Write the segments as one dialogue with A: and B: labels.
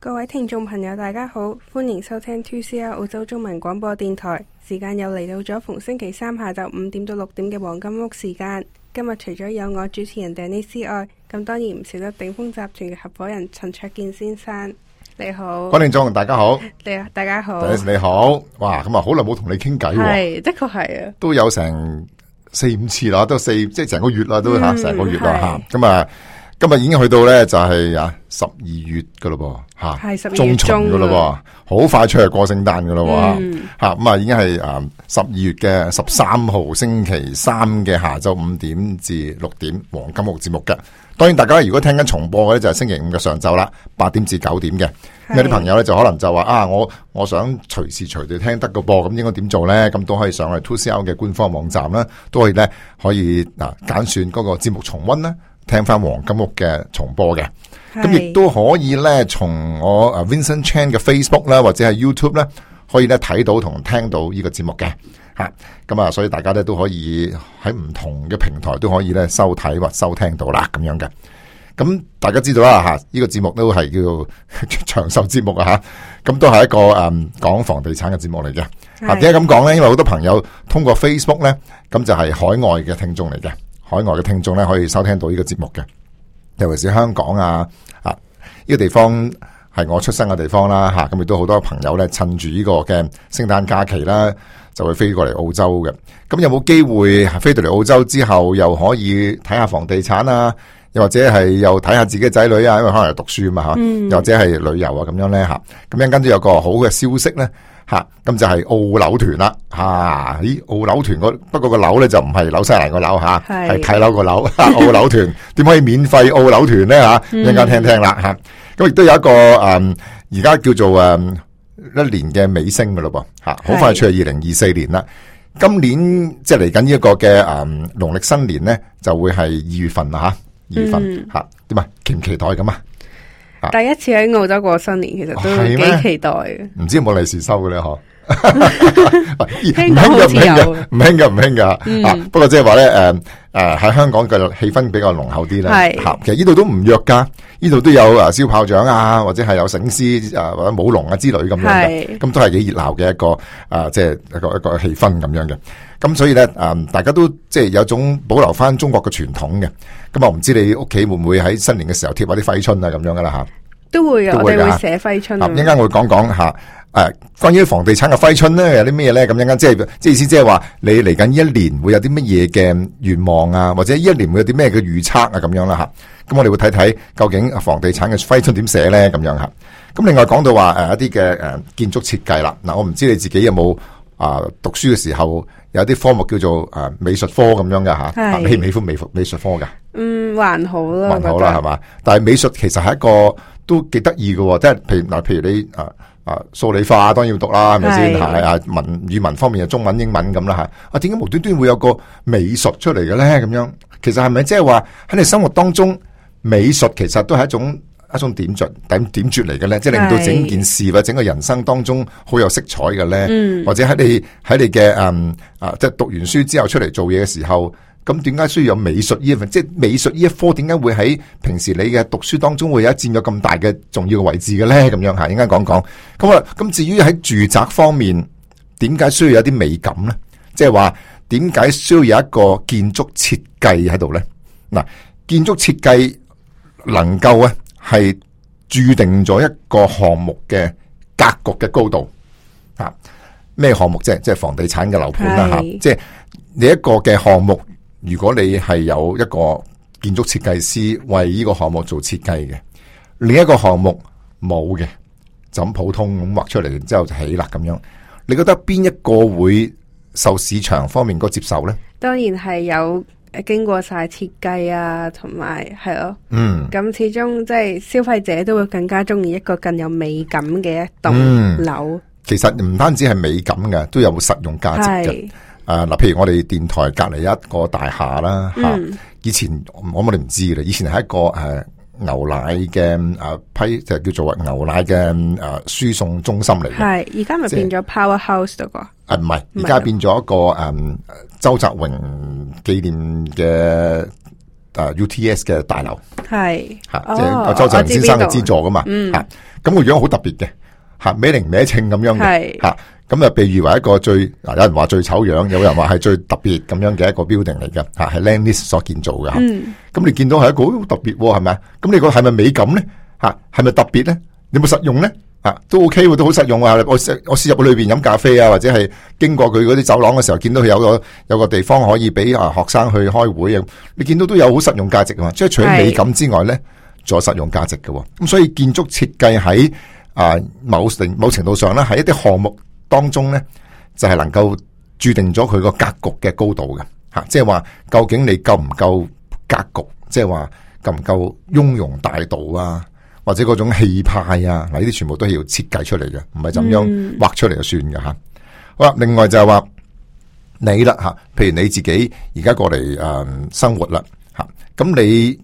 A: .各位聽眾朋友，大家好，歡迎收聽 2CR 澳洲中文廣播電台。時間又嚟到咗逢星期三下晝五點到六點嘅黃金屋時間。今日除咗有我主持人 Dennis 之外，咁當然唔少得鼎豐集團嘅合伙人陳焯楗先生。你好，關庭忠，大家好，大家好，你，好，
B: 你好。哇，咁啊，好耐冇同你傾偈，係
A: 的確係啊，
B: 都有成四五次啦，都四即係成個月啦，都吓成個月啦吓。咁、嗯、啊。今日已經去到呢，就係啊十二月噶咯噃，吓中旬噶咯，好快出去過聖誕噶咯，吓咁啊，已經係啊十二月嘅十三號星期三嘅下晝五點至六點黃金屋節目嘅。當然，大家如果聽緊重播嘅就係、是、星期五嘅上晝啦，八點至九點嘅。有啲朋友咧就可能就話啊，我我想隨時隨地聽得個噃，咁應該點做呢？」咁都可以上去 2CR 嘅官方網站啦，都可以咧可以嗱揀選嗰個節目重溫啦。聽翻黃金屋嘅重播嘅，咁亦都可以咧，從我阿 Vincent Chan 嘅 Facebook 啦，或者係 YouTube 咧，可以咧睇到同聽到呢個節目嘅，吓咁啊，所以大家咧都可以喺唔同嘅平台都可以咧收睇或收聽到啦，咁樣嘅。咁大家知道啦，吓呢個節目都係叫做長壽節目啊，吓咁都係一個誒講房地產嘅節目嚟嘅。吓點解咁講咧？因為好多朋友通過 Facebook 咧，咁就係海外嘅聽眾嚟嘅。海外嘅聽眾咧可以收聽到呢個節目嘅，尤其是香港啊，啊呢個地方係我出生嘅地方啦，吓咁亦都好多朋友咧趁住呢個嘅聖誕假期啦，就會飛過嚟澳洲嘅。咁有冇機會飛到嚟澳洲之後，又可以睇下房地產啊，又或者係又睇下自己仔女啊，因為可能係讀書嘛吓，又、嗯、或者係旅遊啊咁樣咧吓，咁樣跟住有個好嘅消息咧。吓、啊，咁就係澳樓團啦，吓、啊，咦，澳樓團、那個、不過個樓咧就唔係紐西蘭個樓吓，係睇樓個樓，澳樓團點可以免費澳樓團咧吓，一陣間聽聽啦吓，咁亦都有一個誒，而、嗯、家叫做誒、嗯、一年嘅尾聲噶咯噃，吓、啊，好快出去二零二四年啦，今年即係嚟緊呢一個嘅誒農曆新年咧就會係二月份吓，二、啊、月份吓，點、嗯、啊？期唔期，期待咁啊？
A: 第一次喺澳洲過新年，其實都幾期待嘅。
B: 唔知有冇利是收咧？嗬， 唔興噶，唔興噶，唔興噶。嗯、啊，不過即係話咧，誒、呃，誒、呃，喺香港嘅氣氛比較濃厚啲咧。係、啊，其實呢度都唔弱噶，呢度都有啊燒炮仗啊，或者係有醒獅啊或者舞龍啊之類咁樣嘅，咁都係幾熱鬧嘅一個啊，即、呃、係、就是、一個一個，一個氣氛咁樣嘅。咁所以咧，誒，大家都即係有種保留翻中國嘅傳統嘅。咁啊，我唔知你屋企會唔會喺新年嘅時候貼下啲揮春啊，咁樣噶啦吓，
A: 都會，都會啊我哋會寫揮春。一陣間我會
B: 講講吓，誒、啊，關於房地產嘅揮春咧，有啲咩咧？咁一陣間即係即係意思即係話，你嚟緊一年會有啲乜嘢嘅願望啊，或者一年會有啲咩嘅預測啊，咁樣啦吓。咁、啊、我哋會睇睇究竟房地產嘅揮春點寫咧，咁樣吓。咁、啊、另外講到話誒、啊、一啲嘅誒建築設計啦。嗱、啊，我唔知你自己有冇啊讀書嘅時候。有啲科目叫做誒、呃、美術科咁樣嘅吓，你喜唔喜歡美術，美術科噶？嗯，
A: 還好啦。還好啦，係
B: 嘛？但係美術其實係一個都幾得意嘅，即係，譬如嗱，譬如你誒誒數理化當然要讀啦，係咪先？係啊，文、語文方面嘅中文、英文咁啦，係啊？點解無端端會有個美術出嚟嘅咧？咁樣，其實係咪即係話喺你生活當中，美術其實都係一種。一種點綴點點綴嚟嘅咧，即係、就是、令到整件事或整個人生當中好有色彩嘅咧、嗯，或者喺你喺你嘅誒啊，即、嗯、係、就是、讀完書之後出嚟做嘢嘅時候，咁點解需要有美術呢一份？即、就、係、是、美術呢一科點解會喺平時你嘅讀書當中會佔有一佔咗咁大嘅重要位置嘅咧？咁樣吓，應該講講咁啊。咁至於喺住宅方面，點解需要有啲美感咧？即係話點解需要有一個建築設計喺度咧？嗱，建築設計能夠啊。係注定咗一個項目嘅格局嘅高度啊？咩項目啫？即係房地產嘅樓盤啦吓。即係你一個嘅項目，如果你係有一個建築設計師為呢個項目做設計嘅，另一個項目冇嘅，就咁普通咁畫出嚟，然之後就起啦咁樣。你覺得邊一個會受市場方面個接受呢？
A: 當然係有。經過晒設計啊，同埋係咯，咁、嗯、始終即係消費者都會更加中意一個更有美感嘅，一棟樓、嗯。
B: 其實唔單止係美感嘅，都有實用價值嘅。啊，嗱，譬如我哋電台隔籬一個大廈啦，吓、嗯啊，以前我我哋唔知嘅，以前係一個誒。牛奶嘅啊批就、啊、叫做牛奶嘅啊輸送中心嚟，
A: 係而家咪變咗 Powerhouse 嗰、就是
B: 啊、個？唔、嗯、係，而家變咗一個誒周澤榮紀念嘅誒、啊、UTS 嘅大樓，
A: 係吓即係周澤榮先生嘅資助噶嘛？吓
B: 咁、嗯那個樣好特別嘅吓，美輪美奐咁樣嘅吓。咁啊，被譽為一個最嗱，有人話最醜樣，有人話係最特別咁樣嘅一個 building 嚟嘅嚇，係 Lendis 所建造嘅。咁、嗯、你見到係一個好特別喎，係咪啊？咁你個係咪美感咧嚇？係咪特別咧？你有冇實用咧？都 OK 喎，都好實用啊！我試我試入去裏面飲咖啡啊，或者係經過佢嗰啲走廊嘅時候，見到佢有個有個地方可以俾啊學生去開會啊。你見到都有好實用價值啊，即係除咗美感之外咧，仲有實用價值嘅。咁所以建築設計喺啊某定某，某程度上咧，係一啲項目。當中呢，就係、是、能夠注定咗佢個格局嘅高度嘅吓，即係話究竟你夠唔夠格局，即係話夠唔夠雍容大度啊，或者嗰種氣派啊，嗱呢啲全部都係要設計出嚟嘅，唔係咁樣畫出嚟就算嘅吓、嗯。好啦，另外就係話你啦吓、啊，譬如你自己而家過嚟誒、嗯、生活啦吓，咁、啊、你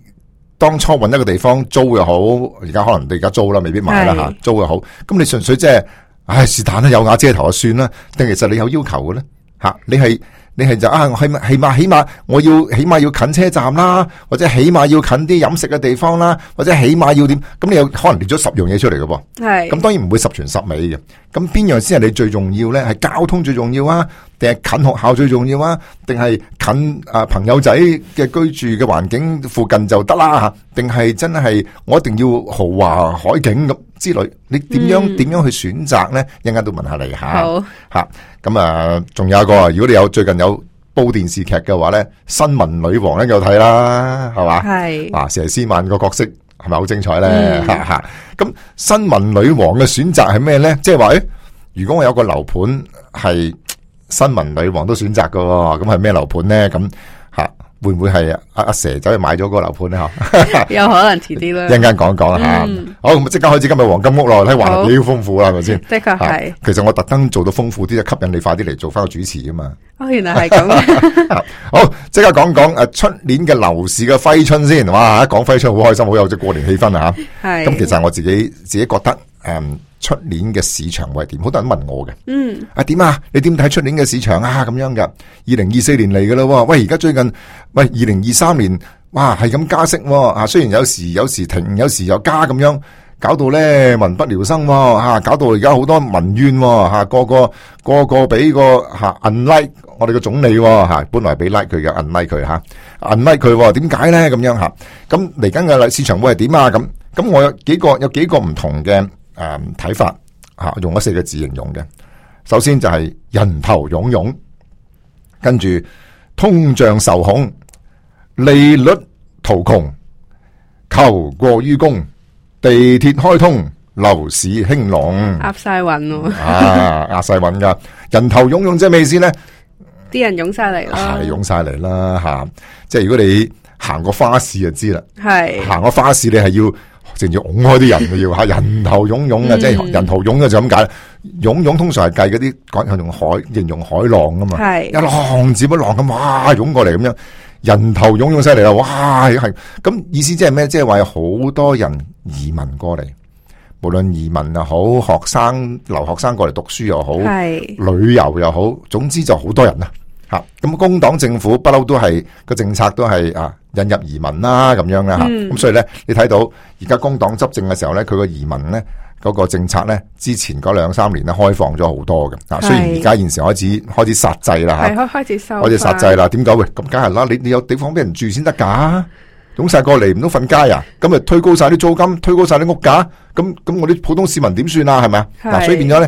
B: 當初搵一個地方租又好，而家可能你而家租啦，未必買啦吓、啊，租又好，咁你純粹即、就、係、是。唉，是但啦，有瓦遮頭就算啦。定其實你有要求嘅咧？吓你係你係就啊，就啊我起碼起碼起碼我要起碼要近車站啦，或者起碼要近啲飲食嘅地方啦，或者起碼要點咁，嗯，你有可能列咗十樣嘢出嚟嘅噃。係咁，當然唔會十全十美嘅。咁邊樣先係你最重要咧？係交通最重要啊？定係近學校最重要啊？定係近啊朋友仔嘅居住嘅環境附近就得啦，啊？定係真係我一定要豪華海景咁？之類，你點樣點、嗯、樣去選擇呢，一陣間都問下你吓吓。咁啊，仲有一個，如果你有最近有煲電視劇嘅話呢，《新聞女王》咧有睇啦，係嘛？係啊，佘詩曼個角色係咪好精彩咧？咁、嗯啊啊，《新聞女王》嘅選擇係咩呢？即係話如果我有個樓盤係《新聞女王》都選擇嘅，咁係咩樓盤呢咁吓。啊會唔會係阿阿蛇走去買咗個樓盤咧？嗬， 有
A: 可能遲啲啦。一陣
B: 間講講啦吓。好，咁即刻開始今日黃金屋咯，睇話題幾豐富啦，係咪先？的
A: 確係。
B: 其實我特登做到豐富啲，吸引你快啲嚟做翻個主持啊嘛。哦，原
A: 來係咁。
B: 好，即刻講講誒，出、啊、年嘅樓市嘅揮春先。哇，一講揮春好開心，好有只過年氣氛啊！係。咁其實我自己自己覺得，嗯。出年嘅市場會係點？好多人問我嘅。嗯。啊，點啊？你點睇出年嘅市場啊？咁樣嘅。二零二四年嚟嘅咯。喂，而家最近，喂，二零二三年，哇，係咁加息。啊，雖然有時有時停，有時又加，咁樣搞到咧民不聊生。啊，搞到而家好多民怨。吓，個個個個俾個吓 unlike，我哋個總理吓本來俾 like 佢嘅，unlike 佢吓，unlike 佢點解咧？咁樣吓。咁嚟緊嘅市場會係點啊？咁咁我有幾個有幾個唔同嘅。誒、嗯，睇法吓、啊，用咗四個字形容嘅。首先就係人頭湧湧，跟住通脹受控，利率途窮，求過於供，地鐵開通，樓市興隆，
A: 壓晒運咯，啊，
B: 壓晒運噶人頭湧湧即係咩意思咧？
A: 啲人湧晒嚟啦，係
B: 湧晒嚟啦吓，即係如果你行個花市就知啦，
A: 係行
B: 個花市你係要。正日擁開啲人嘅要吓，人頭涌涌嘅，即 係人頭湧嘅、嗯、就咁解。啦湧湧通常係計嗰啲講係用海形容海浪噶嘛，一浪接一浪咁，哇，湧過嚟咁樣，人頭涌湧犀利啦，哇，係咁意思即係咩？即係話有好多人移民過嚟，無論移民又好，學生留學生過嚟讀書又好，係旅遊又好，總之就好多人啦。吓、啊，咁工黨政府不嬲都係個政策都係啊。引入移民啦、啊，咁樣啦吓，咁、嗯、所以咧，你睇到而家工黨執政嘅時候咧，佢個移民咧嗰、嗰個政策咧，之前嗰兩三年咧開放咗好多嘅。啊，雖然而家現時開始開始剎制啦吓，
A: 開始剎制啦，
B: 點解喂，咁梗係啦，你你有地方俾人住先得噶，總晒過嚟唔通瞓街啊？咁啊，推高晒啲租金，推高晒啲屋價，咁咁我啲普通市民點算啊？係咪啊？嗱，所以變咗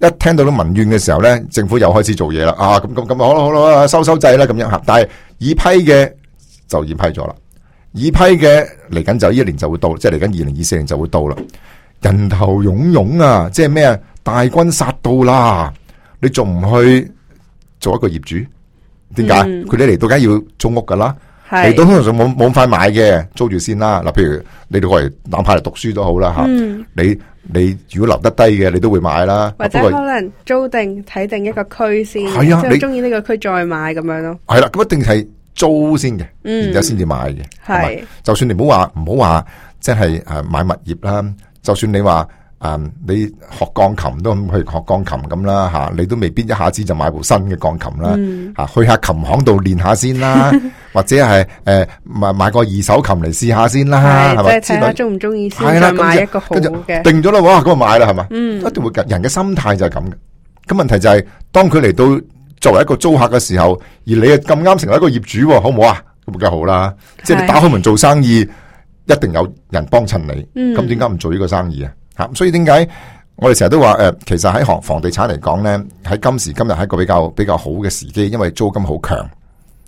B: 咧，一聽到到民怨嘅時候咧，政府又開始做嘢啦啊！咁咁咁好啦好啦，收收制啦咁樣吓，但係已批嘅。就已經批咗啦，已批嘅嚟緊就呢一年就會到，即係嚟緊二零二四年就會到啦。人頭涌湧啊，即係咩啊？大軍殺到啦！你仲唔去做一個業主？點解佢哋嚟到梗要租屋噶啦？
A: 嚟到通
B: 常就冇冇咁快買嘅租住先啦。嗱，譬如你哋我哋攬下嚟讀書都好啦吓，嗯，你你如果留得低嘅，你都會買啦。或者可
A: 能租定睇定一個區先，即係中意呢個區再買咁樣咯。
B: 係啦，啊，咁一定係。租先嘅，嗯，然之後先至買嘅。係，就算你唔好話唔好話，即係誒買物業啦。就算你話誒、嗯、你學鋼琴都去學鋼琴咁啦吓，你都未必一下子就買部新嘅鋼琴啦。吓、嗯啊、去下琴行度練下先啦， 或者係誒買買個二手琴嚟試下先啦，係咪即係睇下中唔
A: 中意先，買一個好嘅。定
B: 咗啦，哇咁買啦係嘛，一定會人嘅心態就係咁嘅。咁問題就係、是、當佢嚟到。作為一個租客嘅時候，而你又咁啱成為一個業主，好唔好啊？咁咪梗好啦！即係你打開門做生意，一定有人幫襯你。咁點解唔做呢個生意啊？吓，所以點解我哋成日都話誒，其實喺行房地產嚟講呢，喺今時今日係一個比較比較好嘅時機，因為租金好強。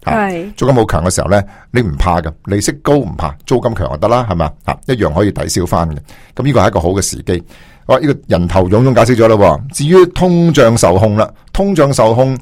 A: 係、啊、
B: 租金好強嘅時候呢，你唔怕㗎，利息高唔怕，租金強就得啦，係咪？一樣可以抵消翻嘅。咁呢個係一個好嘅時機。哇！呢個人頭涌湧解釋咗喎。至於通脹受控啦，通脹受控。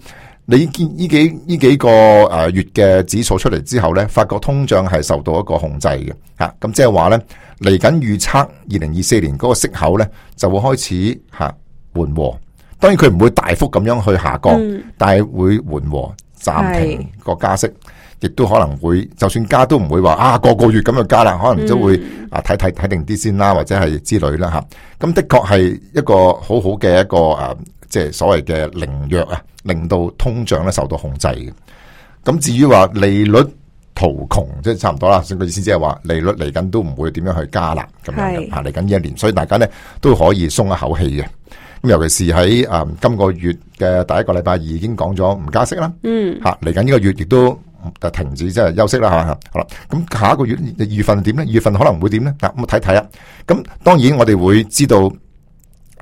B: 你見呢幾呢幾個誒月嘅指數出嚟之後呢，發覺通脹係受到一個控制嘅吓，咁即係話呢，嚟緊預測二零二四年嗰個息口呢，就會開始吓緩和，當然佢唔會大幅咁樣去下降。嗯、但係會緩和暫停個加息，亦都可能會，就算加都唔會話啊個個月咁樣加啦，可能都會、嗯、啊睇睇睇定啲先啦，或者係之類啦吓，咁、啊、的確係一個好好嘅一個誒。即係所謂嘅靈藥啊，令到通脹咧受到控制嘅。咁至於話利率途窮，即係差唔多啦。咁嘅意思即係話利率嚟緊都唔會點樣去加啦。咁樣啊嚟緊呢一年，所以大家咧都可以鬆一口氣嘅。咁尤其是喺啊、嗯、今個月嘅第一個禮拜二已經講咗唔加息啦。嗯，吓嚟緊呢個月亦都停止即係、就是、休息啦吓。好啦，咁下一個月二月份點咧？二月份可能會點咧。嗱，咁睇睇啊。咁、啊、當然我哋會知道。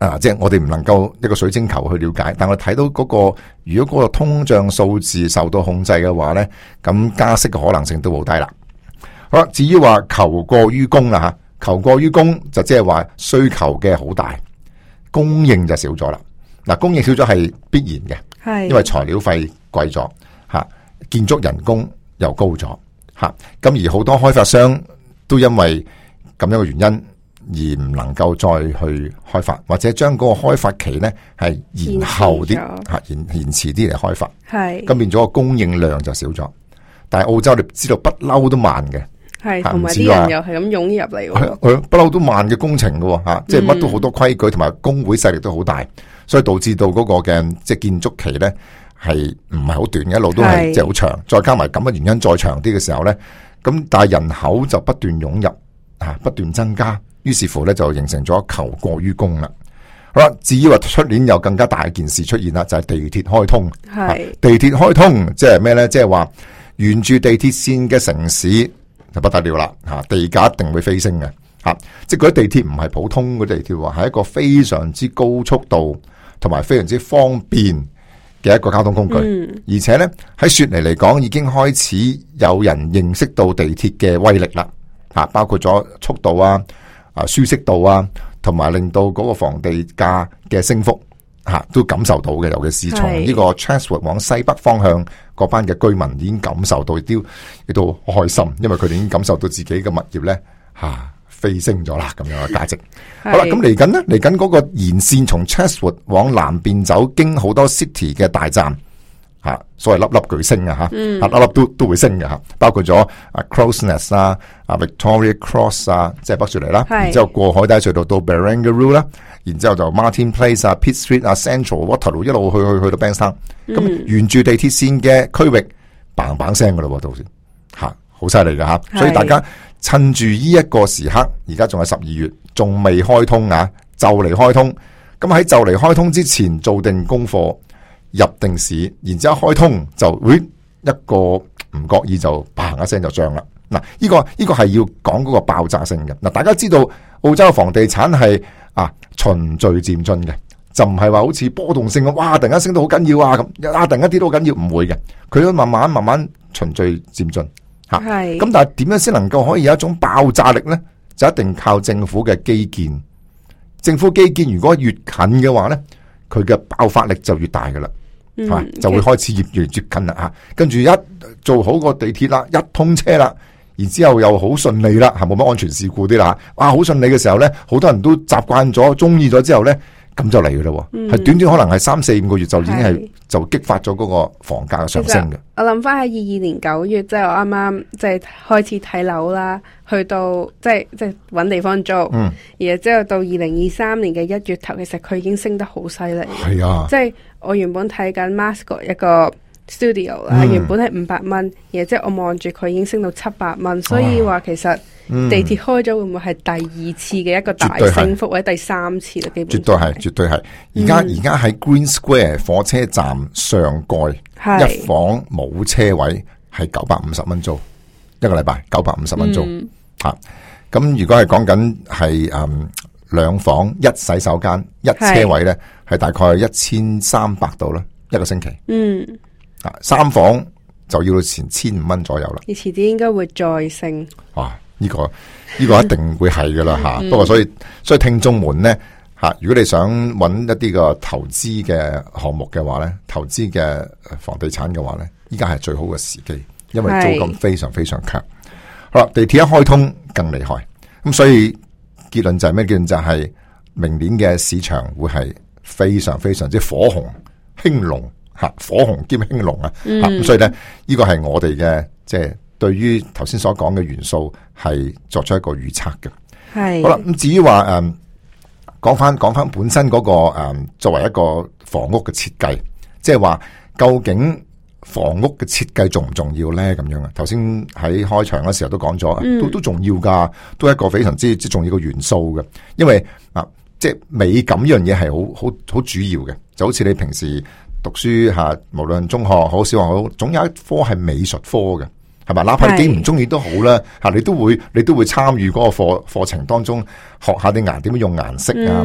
B: 啊！即係我哋唔能夠一個水晶球去了解，但我睇到嗰、嗰個如果嗰個通脹數字受到控制嘅話呢，咁加息嘅可能性都好低啦。好啦，至於話求過於供啦吓，求過於供就即係話需求嘅好大，供應就少咗啦。嗱、啊，供應少咗係必然嘅，因為材料費貴咗吓，建築人工又高咗吓，咁、啊、而好多開發商都因為咁樣嘅原因。而唔能夠再去開發，或者將嗰個開發期呢係延後啲延延遲啲嚟開發，係咁變咗個供應量就少咗。但係澳洲你知道不嬲都慢嘅，
A: 係同埋啲人又係咁湧入嚟喎。
B: 佢不嬲都慢嘅工程嘅喎、嗯、即係乜都好多規矩，同埋工會勢力都好大，所以導致到嗰個嘅即係建築期呢係唔係好短，一路都係即係好長。再加埋咁嘅原因，再長啲嘅時候呢，咁但係人口就不斷湧入，不斷增加，於是乎咧就形成咗求過於供啦。好啦，至於話出年又更加大件事出現啦，就係、是、地鐵開通。係地鐵開通，即係咩呢？即係話沿住地鐵線嘅城市就不得了啦。吓地價一定會飛升嘅。吓，即係啲地鐵唔係普通嘅地鐵喎，係一個非常之高速度同埋非常之方便嘅一個交通工具。嗯、而且呢，喺雪梨嚟講，已經開始有人認識到地鐵嘅威力啦。啊，包括咗速度啊，啊舒適度啊，同埋令到嗰個房地價嘅升幅吓、啊、都感受到嘅，尤其是從呢個 Chatswood 往西北方向嗰班嘅居民已經感受到，都亦都開心，因為佢哋已經感受到自己嘅物業呢，吓、啊、飛升咗啦，咁樣嘅價值。 好啦，咁嚟緊呢，嚟緊嗰個沿線從 Chatswood 往南邊走，經好多 City 嘅大站。吓，所謂粒粒巨升啊，吓、嗯，粒粒都都會升嘅吓，包括咗啊 Crowsnest 啊、啊 Victoria Cross 啊，即係北雪梨啦，然之後過海底隧道到 Barangaroo 啦，然之後就 Martin Place 啊、Pitt Street 啊、Central Waterloo 一路去去去到 Bankstown、嗯，咁沿住地鐵線嘅區域棒棒聲嘅咯，到時吓好犀利㗎。吓，所以大家趁住呢一個時刻，而家仲係十二月，仲未開通啊，就嚟開通，咁喺就嚟開通之前做定功課。入定市，然之後一開通就、哎，一個唔覺意就，嘭，一聲就漲啦。嗱、呢個，呢、呢個呢個係要講嗰個爆炸性嘅。嗱，大家知道澳洲嘅房地產係啊循序漸進嘅，就唔係話好似波動性咁，哇，突然間升到好緊要啊咁，啊，突然間跌都好緊要，唔會嘅。佢會慢慢慢慢循序漸進吓，咁、啊、但係點樣先能夠可以有一種爆炸力咧？就一定靠政府嘅基建，政府基建如果越近嘅話咧，佢嘅爆發力就越大噶啦。嗯、就會開始越嚟越接近啦，吓，跟住一做好個地鐵啦，一通車啦，然之後又好順利啦，吓，冇乜安全事故啲啦，哇，好順利嘅時候咧，好多人都習慣咗，中意咗之後咧。咁就嚟噶咯，係、嗯、短短可能係三四五個月就已經係就激發咗嗰個房價嘅上升嘅。
A: 我諗翻喺二二年九月，即、就、係、是、我啱啱即係開始睇樓啦，去到即係即係搵地方租，然、嗯、之後到二零二三年嘅一月頭，其實佢已經升得好犀利。係啊，即、就、係、是、我原本睇緊 Mascot 一個 studio 啦，嗯，原本係五百蚊，然之後就是我望住佢已經升到七百蚊，所以話其實。啊嗯、地鐵開咗會唔會係第二次嘅一個大升幅，或者第三次啦？基本上絕
B: 對係，絕對係。而家而家喺 Green Square 火車站上蓋一房冇車位係九百五十蚊租一個禮拜，九百五十蚊租吓。咁、啊、如果係講緊係誒兩房一洗手間一車位呢，係大概一千三百度啦，一個星期。
A: 嗯，
B: 啊三房就要到前千五蚊左右啦。
A: 而遲啲應該會再升。
B: 啊！呢、個一定會係噶啦，吓，不過，所以所以聽眾們呢吓，如果你想揾一啲個投資嘅項目嘅話呢，投資嘅房地產嘅話呢，依家係最好嘅時機，因為租金非常非常強。好啦，地鐵一開通更厲害，咁所以結論就係咩？結論就係明年嘅市場會係非常非常之火紅、興隆吓，火紅兼興隆、嗯、啊！所以呢呢、個係我哋嘅即係。對於頭先所講嘅元素係作出一個預測嘅，
A: 係好啦。咁
B: 至於話誒、嗯，講翻講翻本身嗰、那個誒、嗯，作為一個房屋嘅設計，即係話究竟房屋嘅設計重唔重要呢？咁樣啊？頭先喺開場嘅時候都講咗、嗯，都都重要噶，都係一個非常之之重要嘅元素嘅。因為啊，即係美感呢樣嘢係好好好主要嘅，就好似你平時讀書吓、啊，無論中學好小學好，總有一科係美術科嘅。係嘛？哪怕你幾唔中意都好啦，吓、啊、你都會你都會參與嗰個課課程當中，學下啲顏，點樣用顏色啊？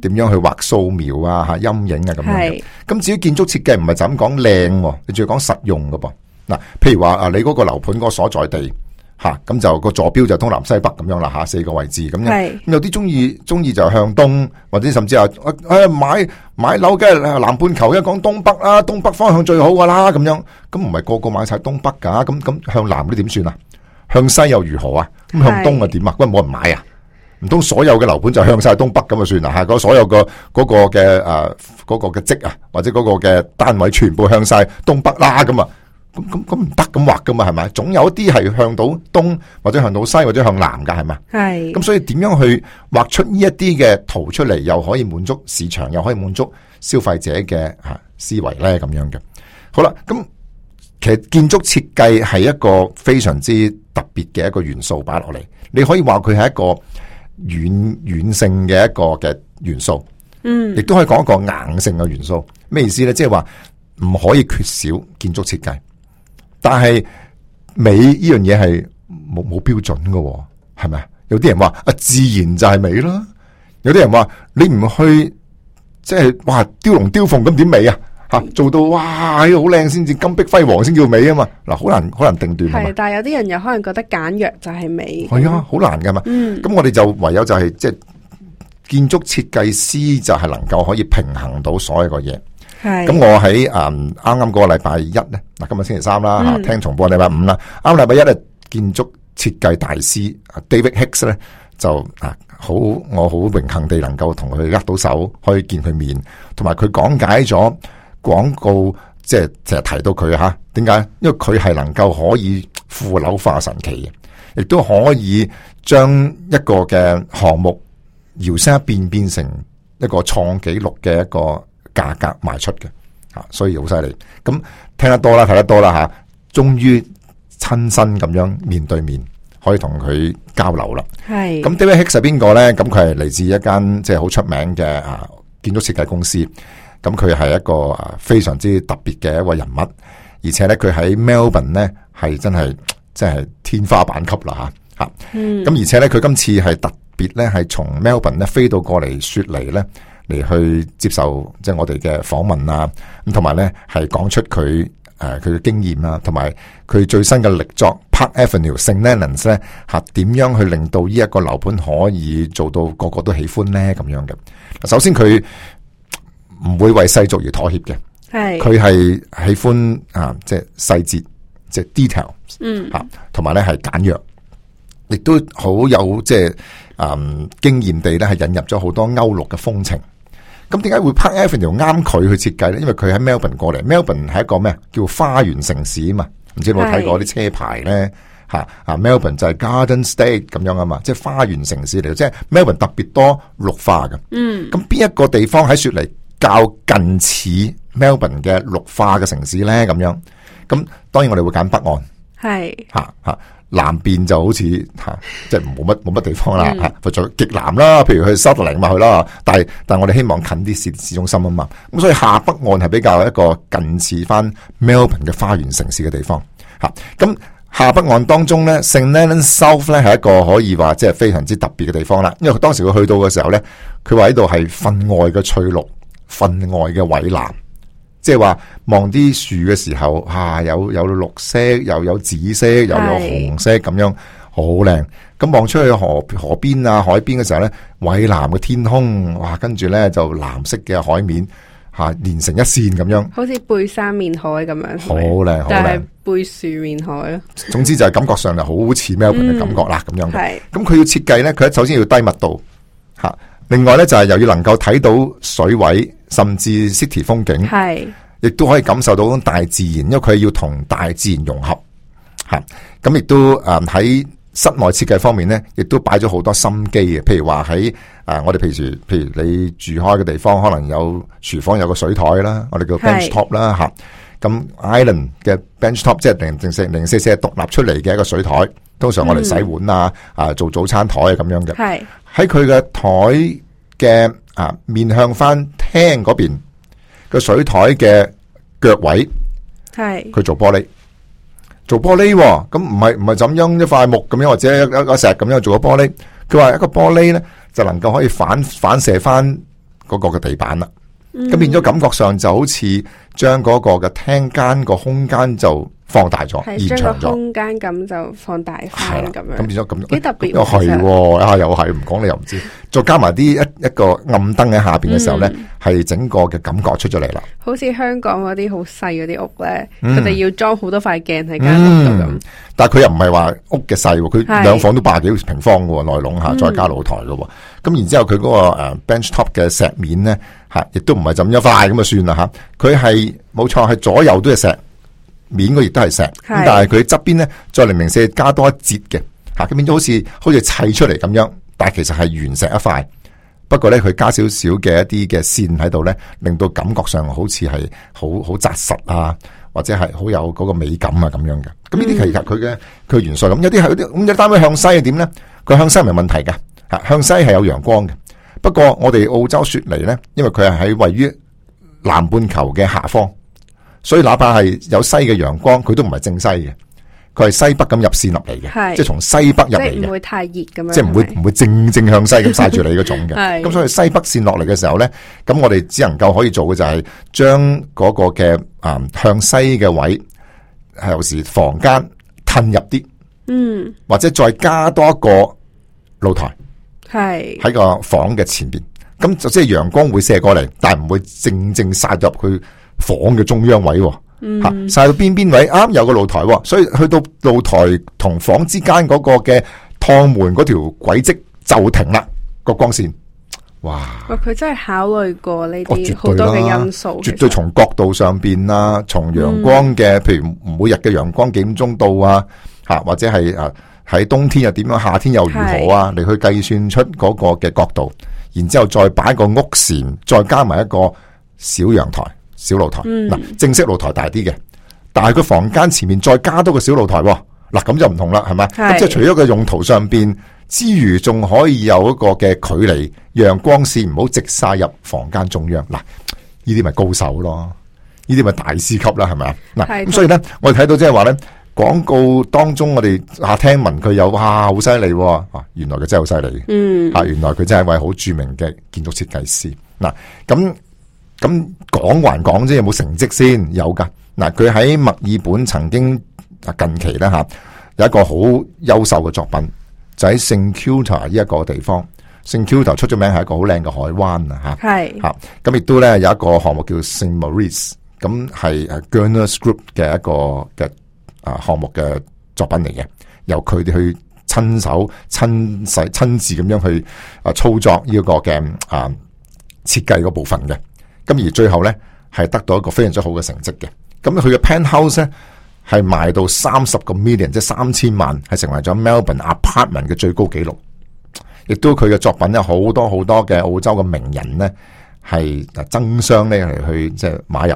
B: 點、嗯、樣去畫素描啊？吓、啊、陰影啊？咁樣。咁至於建築設計，唔係就咁講靚，你仲要講實用噶噃、啊。嗱、啊，譬如話啊，你嗰個樓盤嗰個所在地。吓、啊、咁就、那個坐標就東南西北咁樣啦吓，四個位置咁樣，咁有啲中意中意就向東，或者甚至啊，誒、哎、買買樓嘅南半球一講東北啦、啊，東北方向最好噶啦咁樣，咁唔係個個買晒東北噶，咁咁向南嗰啲點算啊？向西又如何啊？咁向東啊點啊？不過冇人買啊，唔通所有嘅樓盤就向晒東北咁啊算啊？吓，嗰所有、那個嗰、那個嘅誒，嗰、那個嘅積啊，或者嗰個嘅單位全部向晒東北啦咁啊？咁咁咁唔得咁畫噶嘛，係咪？總有一啲係向到東，或者向到西，或者向南噶，係嘛？係。咁所以點樣去畫出呢一啲嘅圖出嚟，又可以滿足市場，又可以滿足消費者嘅思維呢？咁樣嘅好啦。咁其實建築設計係一個非常之特別嘅一個元素擺落嚟，你可以話佢係一個軟軟性嘅一個嘅元素，
A: 嗯，亦
B: 都可以講一個硬性嘅元素。咩意思呢？即係話唔可以缺少建築設計。但係美呢樣嘢係冇冇標準嘅，係咪？有啲人話啊，自然就係美啦，有啲人話你唔去即係哇雕龍雕鳳咁點美啊吓、啊？做到哇好靚先至金碧輝煌先叫美啊嘛。嗱，好難好難定斷。係，
A: 但係有啲人又可能覺得簡約就係美。係啊，
B: 好難噶嘛。咁、嗯、我哋就唯有就係、是、即係建築設計師就係能夠可以平衡到所有嘅嘢。咁我喺誒啱啱個禮拜一咧，嗱今日星期三啦，吓，聽重播禮拜五啦，啱禮拜一咧，建築設計大師 David Hicks 咧就啊好，我好榮幸地能夠同佢握到手，可以見佢面，同埋佢講解咗廣告，即係成日提到佢吓，點解？因為佢係能夠可以腐朽化神奇嘅，亦都可以將一個嘅項目搖身一變，變成一個創紀錄嘅一個。價格，格賣出嘅，吓，所以好犀利。咁聽得多啦，睇得多啦，吓、啊，終於親身咁樣面對面、嗯、可以同佢交流啦。係、嗯。咁 David Hicks 係邊個呢？咁佢係嚟自一間即係好出名嘅啊建築設計公司。咁佢係一個啊非常之特別嘅一位人物，而且呢，佢喺 Melbourne 呢係真係即係天花板級啦，吓、啊。咁、嗯啊、而且呢，佢今次係特別呢，係從 Melbourne 呢飛到過嚟雪梨呢。嚟去接受即係、就是、我哋嘅訪問啊，咁同埋咧係講出佢誒佢嘅經驗啊，同埋佢最新嘅力作 Park Avenue St. Lawrence 咧吓，點樣去令到呢一個樓盤可以做到個個都喜歡咧咁樣嘅。首先佢唔會為世俗而妥協嘅，
A: 係佢
B: 係喜歡啊，即係細節，即、就、係、是、detail 嗯吓，同埋咧係簡約，亦都好有即係、就是、嗯經驗地咧係引入咗好多歐陸嘅風情。咁點解會 Park Avenue 啱佢去設計咧？因為佢喺 Melbourne 過嚟，Melbourne 係一個咩叫花園城市啊嘛，唔知你有冇睇過啲車牌咧？吓啊，Melbourne 就係 Garden State 咁樣啊嘛，即係花園城市嚟嘅，即係 Melbourne 特別多綠化嘅。嗯，咁邊一個地方喺雪梨較近似 Melbourne 嘅綠化嘅城市咧？咁樣，咁當然我哋會揀北岸。係吓吓。啊啊南邊就好似吓，即係冇乜冇乜地方啦吓，去再極南啦，譬如去 Sutherland 咁物去啦。但係但係我哋希望近啲市市中心啊嘛。咁、啊、所以下北岸係比較一個近似翻 Melbourne 嘅花園城市嘅地方吓。咁、啊、下、啊、北岸當中咧，St. Leonards South 咧係一個可以話即係非常之特別嘅地方啦。因為當時佢去到嘅時候咧，佢話喺度係分外嘅翠綠，分、嗯、外嘅偉藍即係話望啲樹嘅時候，吓、啊、有有綠色，又有，有紫色，又有，有紅色咁樣，好靚。咁望出去河河邊啊、海邊嘅時候呢，蔚藍嘅天空，哇！跟住呢就藍色嘅海面，吓、啊、連成一線咁樣，
A: 好似背山面海咁樣，好靚好靚。但係背樹面海咯，總
B: 之就係感覺上就好似 Melbourne 嘅感覺啦，咁、嗯、樣。咁，佢要設計呢，佢首先要低密度，吓。另外咧，就係由於能夠睇到水位，甚至 city 風景，亦都可以感受到大自然，因為佢要同大自然融合吓。咁亦都誒喺、嗯、室內設計方面咧，亦都擺咗好多心機嘅，譬如話喺誒我哋譬如譬如你住開嘅地方，可能有廚房有個水台啦，我哋叫 bench top 啦吓。咁 island 嘅 bench top 即係零零四四石獨立出嚟嘅一個水台，通常我哋洗碗、嗯、啊，啊做早餐台啊咁樣嘅。係喺佢嘅台嘅啊面向翻廳嗰邊個水台嘅腳位，
A: 係佢
B: 做玻璃，做玻璃咁，唔係唔係怎樣一塊木咁樣或者一個石咁樣做個玻璃。佢話一個玻璃咧就能夠可以反反射翻嗰個嘅地板啦，
A: 咁、嗯、變咗感
B: 覺上就好似。將嗰個廳間個空間就放大咗，將個空
A: 間咁就放大翻咁樣，咁變
B: 咗咁，幾特別。係、哎、喎、啊，啊又係，唔 講你又唔知。再加埋啲一一個暗燈喺下邊嘅時候咧，係、嗯、整個嘅感覺出咗嚟啦。
A: 好似香港嗰啲好細嗰啲屋咧，佢、嗯、哋要裝好多塊鏡喺間屋
B: 入邊、嗯。但係佢又唔係話屋嘅細，佢兩房都百幾平方噶喎，內籠吓，再加露台噶。咁、嗯、然之後佢嗰個誒 bench top 嘅石面咧，吓亦都唔係咁一塊咁啊算啦吓。佢係冇錯係左右都係石。面嗰啲都係石，但係佢側邊呢再零零四加多一截嘅，吓，咁變咗好似好似砌出嚟咁樣，但係其實係原石一塊，不過呢，佢加少少嘅一啲嘅線喺度呢，令到感覺上好似係好好扎實啊，或者係好有嗰個美感啊咁樣嘅。咁呢啲其實佢嘅佢元素咁，有啲係有啲咁，有單位向西係點呢？佢向西唔係問題㗎？吓向西係有陽光嘅。不過我哋澳洲雪梨呢，因為佢係喺位於南半球嘅下方。所以哪怕係有西嘅陽光，佢都唔係正西嘅，佢係西北咁入線落嚟嘅，即係從西北入嚟嘅，即係唔
A: 會太熱咁樣，即係唔會唔
B: 會正正向西咁曬住你嗰種嘅。咁 所以西北線落嚟嘅時候咧，咁我哋只能夠可以做嘅就係將嗰個嘅啊、嗯、向西嘅位，有時房間褪入啲，嗯，或者再加多一個露台，
A: 係喺
B: 個房嘅前邊，咁就即係陽光會射過嚟，但係唔會正正曬入去。房嘅中央位吓曬到邊邊位啱有個露台，所以去到露台同房之間嗰個嘅趟門嗰條軌跡就停啦、個光線哇。
A: 佢真係考慮過呢啲好多嘅因素，哦、絕對
B: 從角度上邊啦，從、嗯、陽光嘅，譬如每日嘅陽光幾點鐘到啊吓、嗯，或者係誒喺冬天又點樣，夏天又如何啊？嚟去計算出嗰個嘅角度，然之後再擺個屋檐，再加埋一個小陽台。小露台嗱、嗯，正式露台大啲嘅，但係佢房間前面再加多個小露台，嗱咁就唔同啦，係咪？即係除咗個用途上邊之馀，仲可以有一個嘅距離，讓光線唔好直曬入房間中央。嗱，呢啲咪高手咯，呢啲咪大師級啦，係咪啊？嗱，咁所以咧，我哋睇到即係話咧，廣告當中我哋啊聽聞佢有哇好犀利，啊原來佢真係好犀利，嗯，啊原來佢真係一位好著名嘅建築設計師，嗱咁。咁講還講先，有冇成績先？有噶嗱，佢喺墨爾本曾經啊近期咧吓、啊、有一個好優秀嘅作品，就喺 St Kilda 呢一個地方。St Kilda 出咗名係一個好靚嘅海灣啊吓，係吓咁亦都咧有一個項目叫 St Moritz，咁、啊、係誒 Gurner Group 嘅一個嘅啊項目嘅作品嚟嘅，由佢哋去親手、親手、親自咁樣去啊操作呢一個嘅啊設計嗰部分嘅。咁而最後咧，係得到一個非常之好嘅成績嘅。咁佢嘅 Penthouse 咧，係賣到三十個 million，即三千萬，係成為咗 Melbourne Apartment 嘅最高紀錄。亦都佢嘅作品有好多好多嘅澳洲嘅名人咧，係啊爭相咧嚟去即係買入，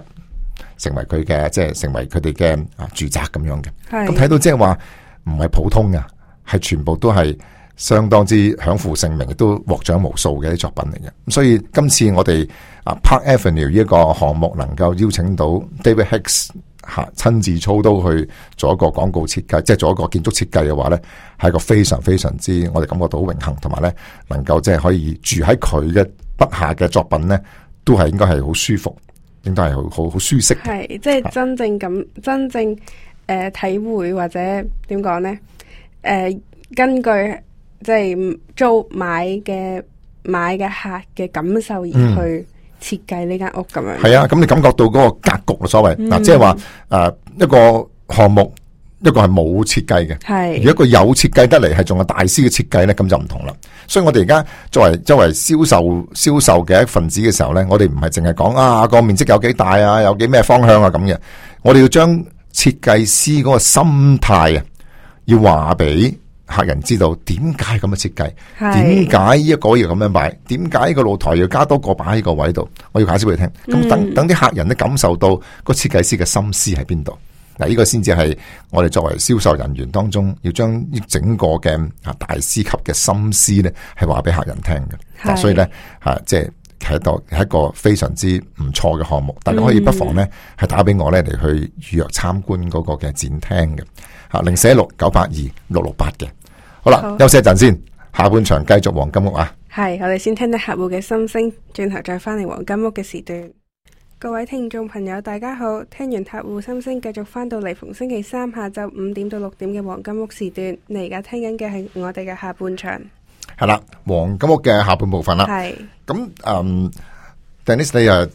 B: 成為佢嘅即係成為佢哋嘅啊住宅咁樣嘅。係。咁睇到即係話唔係普通嘅，係全部都係。相當之享負盛名，亦都獲獎無數嘅啲作品嚟嘅。咁所以今次我哋啊 Park Avenue 呢一個項目能夠邀請到 David Hicks 親自操刀去做一個廣告設計，即係做一個建築設計嘅話呢係一個非常非常之我哋感覺到好榮幸，同埋呢，能夠即係可以住喺佢嘅筆下嘅作品呢都係應該係好舒服，應該係好好好舒適
A: 係即係真正咁真正誒、呃、體會或者點講呢？誒、呃，根據。即係租買嘅買嘅客嘅感受而去設計呢間屋咁樣、嗯。係、嗯、啊，
B: 咁你感覺到嗰個格局啦，所謂嗱，即係話誒一個項目，一個係冇設計嘅，係如果個有設計得嚟係仲有大師嘅設計咧，咁就唔同啦。所以我哋而家作為作為銷售銷售嘅一份子嘅時候咧，我哋唔係淨係講啊個面積有幾大啊，有幾咩方向啊咁嘅，我哋要將設計師嗰個心態啊，要話俾。客人知道點解咁嘅設計，點解呢一個要咁樣擺，點解呢個露台要加多個擺喺個位度，我要解釋俾你聽。咁、嗯、等等啲客人咧感受到個設計師嘅心思喺邊度，嗱、啊、呢、呢個先至係我哋作為銷售人員當中要將整個嘅啊大師級嘅心思咧係話俾客人聽嘅、啊。所以咧即係其實都係一個非常之唔錯嘅項目、嗯，大家可以不妨咧係打俾我咧嚟去預約參觀嗰個嘅展廳嘅嚇零四一六九八二六六八嘅。啊。
A: 好啦，休息一
B: 陣先，下半場繼續黃金屋啊！
A: 係，我哋先聽聽客戶嘅心聲，轉頭再翻嚟黃金屋嘅時段。各位聽眾朋友，大家好！聽完客戶心聲，繼續翻到嚟逢星期三下晝五點到六點嘅黃金屋時段。你而家聽緊嘅係我哋嘅下半場。
B: 係啦，黃金屋嘅下半部分啦。係咁，嗯，Dennis，你啊，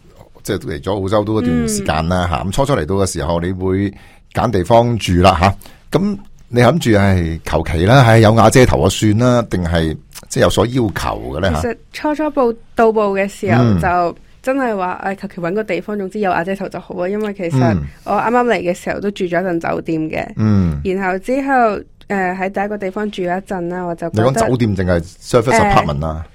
B: 即係嚟咗澳洲都一段時間啦，吓、嗯、咁、啊、初初嚟到嘅時候，你會揀地方住啦，吓、啊、咁。你諗住係求其啦，係有瓦遮頭就算啦，定係即係有所要求嘅咧？其實
A: 初初步到步嘅時候、嗯、就真係話，誒，求其搵個地方，總之有瓦遮頭就好啊。因為其實我啱啱嚟嘅時候都住咗一陣酒店嘅，嗯、然後之後誒喺、呃、第一個地方住咗一陣啦，我就你講酒
B: 店定係 service apartment 啊、呃，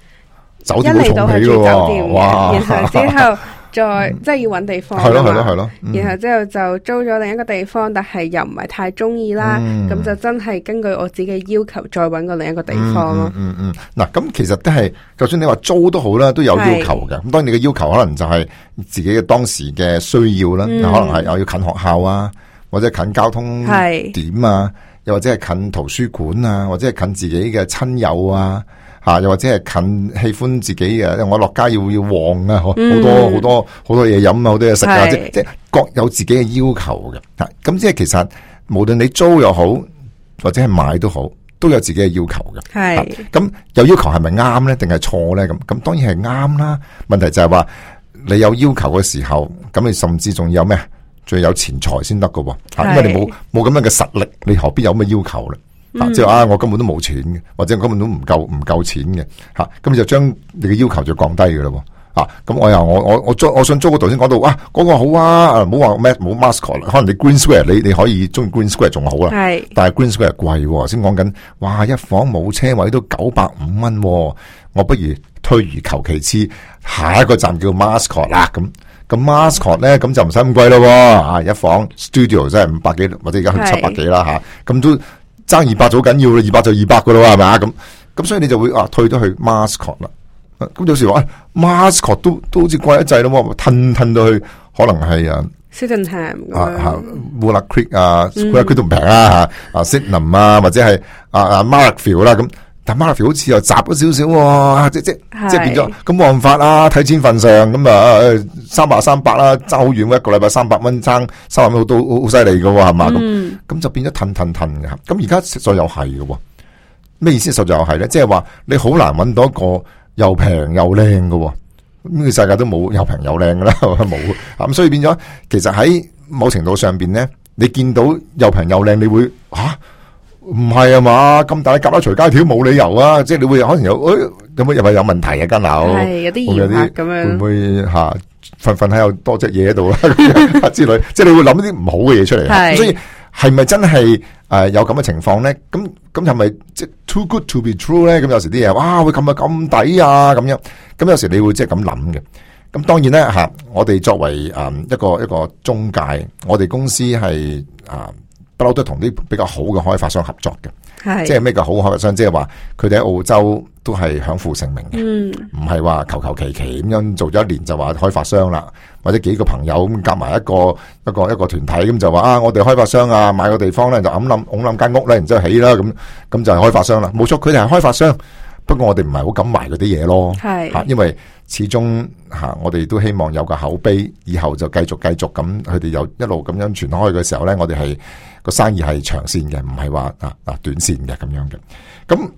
B: 一酒店嚟到住酒店哇，然後之後。
A: 再、嗯、即係要揾地方係咯係咯，然後之後就租咗另一個地方，但係又唔係太中意啦，咁、嗯、就真係根據我自己嘅要求再揾個另一個地方咯。
B: 嗯嗯，嗱、嗯，咁、嗯、其實都係，就算你話租都好啦，都有要求嘅。咁當然你嘅要求可能就係自己嘅當時嘅需要啦。嗯、可能係我要近學校啊，或者近交通點啊，又或者係近圖書館啊，或者係近自己嘅親友啊。吓，又或者係近，喜歡自己嘅，我落街要要旺啊，好多好、嗯、多好多嘢飲啊，好多嘢食噶，即即各有自己嘅要求嘅吓。咁、啊、即係其實無論你租又好，或者係買都好，都有自己嘅要求嘅。係咁、啊、有要求係咪啱咧？定係錯咧？咁咁當然係啱啦。問題就係話你有要求嘅時候，咁你甚至仲要有咩？最有錢財先得噶，喎、啊！因為你冇冇咁樣嘅實力，你何必有咁嘅要求咧？即、啊、係、就是、啊，我根本都冇錢嘅，或者根本都唔夠唔夠錢嘅吓，咁、啊、就將你嘅要求就降低嘅啦，吓、啊、咁我又我我我我想租個頭先講到，啊，嗰、那個好啊，唔、啊、好話冇 Mascot，可能你 Green Square 你你可以中意 Green Square 仲好啦，係，但係 Green Square 貴喎。先講緊，哇，一房冇車位都九百五蚊，我不如退而求其次，下一個站叫 Mascot 啦、啊，咁咁 Mascot 咧，咁就唔使咁貴咯，喎、啊。一房 Studio 真係五百幾或者而家去七百幾啦吓，咁、啊、都。爭二百就好緊要啦，二百就二百噶咯，係嘛，咁咁，所以你就會啊退咗去 Mascot 啦。咁有時話 Mascot 都都好似貴一制咯，㓤、啊、㓤到去可能係啊。
A: Sydenham
B: 啊，Wolli Creek 啊，佢佢都唔平啊。啊，Sutton、mm -hmm. 啊，啊，或者係啊，Marrickville 啦咁，但 Marrickville 好似又窄咗少少喎。即即即變咗咁冇辦法啦，睇錢份上咁啊，三百三百啦，爭好遠，一個禮拜三百蚊爭三百蚊都好犀利噶，係嘛，咁。Mm -hmm. 咁就變咗褪褪褪嘅，咁而家實在又係嘅，咩意思？實在又係咧，即係話你好難揾到一個又平又靚嘅，咁個世界都冇又平又靚嘅啦，冇啊！咁 所以變咗，其實喺某程度上邊咧，你見到又平又靚，你會吓唔係啊嘛？咁大夾得隨街跳，冇理由啊！即係你會可能有，誒、哎，有冇又係有問題啊？間樓係有啲有啲咁樣，會唔會吓瞓瞓喺有多隻嘢喺度啦之類？即係你會諗啲唔好嘅嘢出嚟，所以。係咪真係誒有咁嘅情況呢？咁咁係咪即係 too good to be true 呢？咁有時啲嘢，哇會咁啊咁抵啊咁樣，咁有時你會即係咁諗嘅。咁當然咧吓，我哋作為誒一個一個中介，我哋公司係誒。不嬲都同啲比較好嘅開發商合作嘅，係即係咩叫好嘅開發商？即係話佢哋喺澳洲都係享負盛名
A: 嘅，
B: 嗯，唔係話求求其其咁樣做咗一年就話開發商啦，或者幾個朋友咁夾埋一個一個一個，一個團體咁就話啊，我哋開發商啊買個地方咧、啊、就揞諗揞諗間屋咧、啊，然之後起啦咁咁就係開發商啦。冇錯，佢哋係開發商，不過我哋唔係好敢賣嗰啲嘢咯，係嚇，因為始終嚇、啊、我哋都希望有個口碑，以後就繼續繼續咁佢哋又一路咁樣傳開嘅時候咧，我哋係。個生意係長線嘅，唔係話啊短線嘅咁樣嘅。咁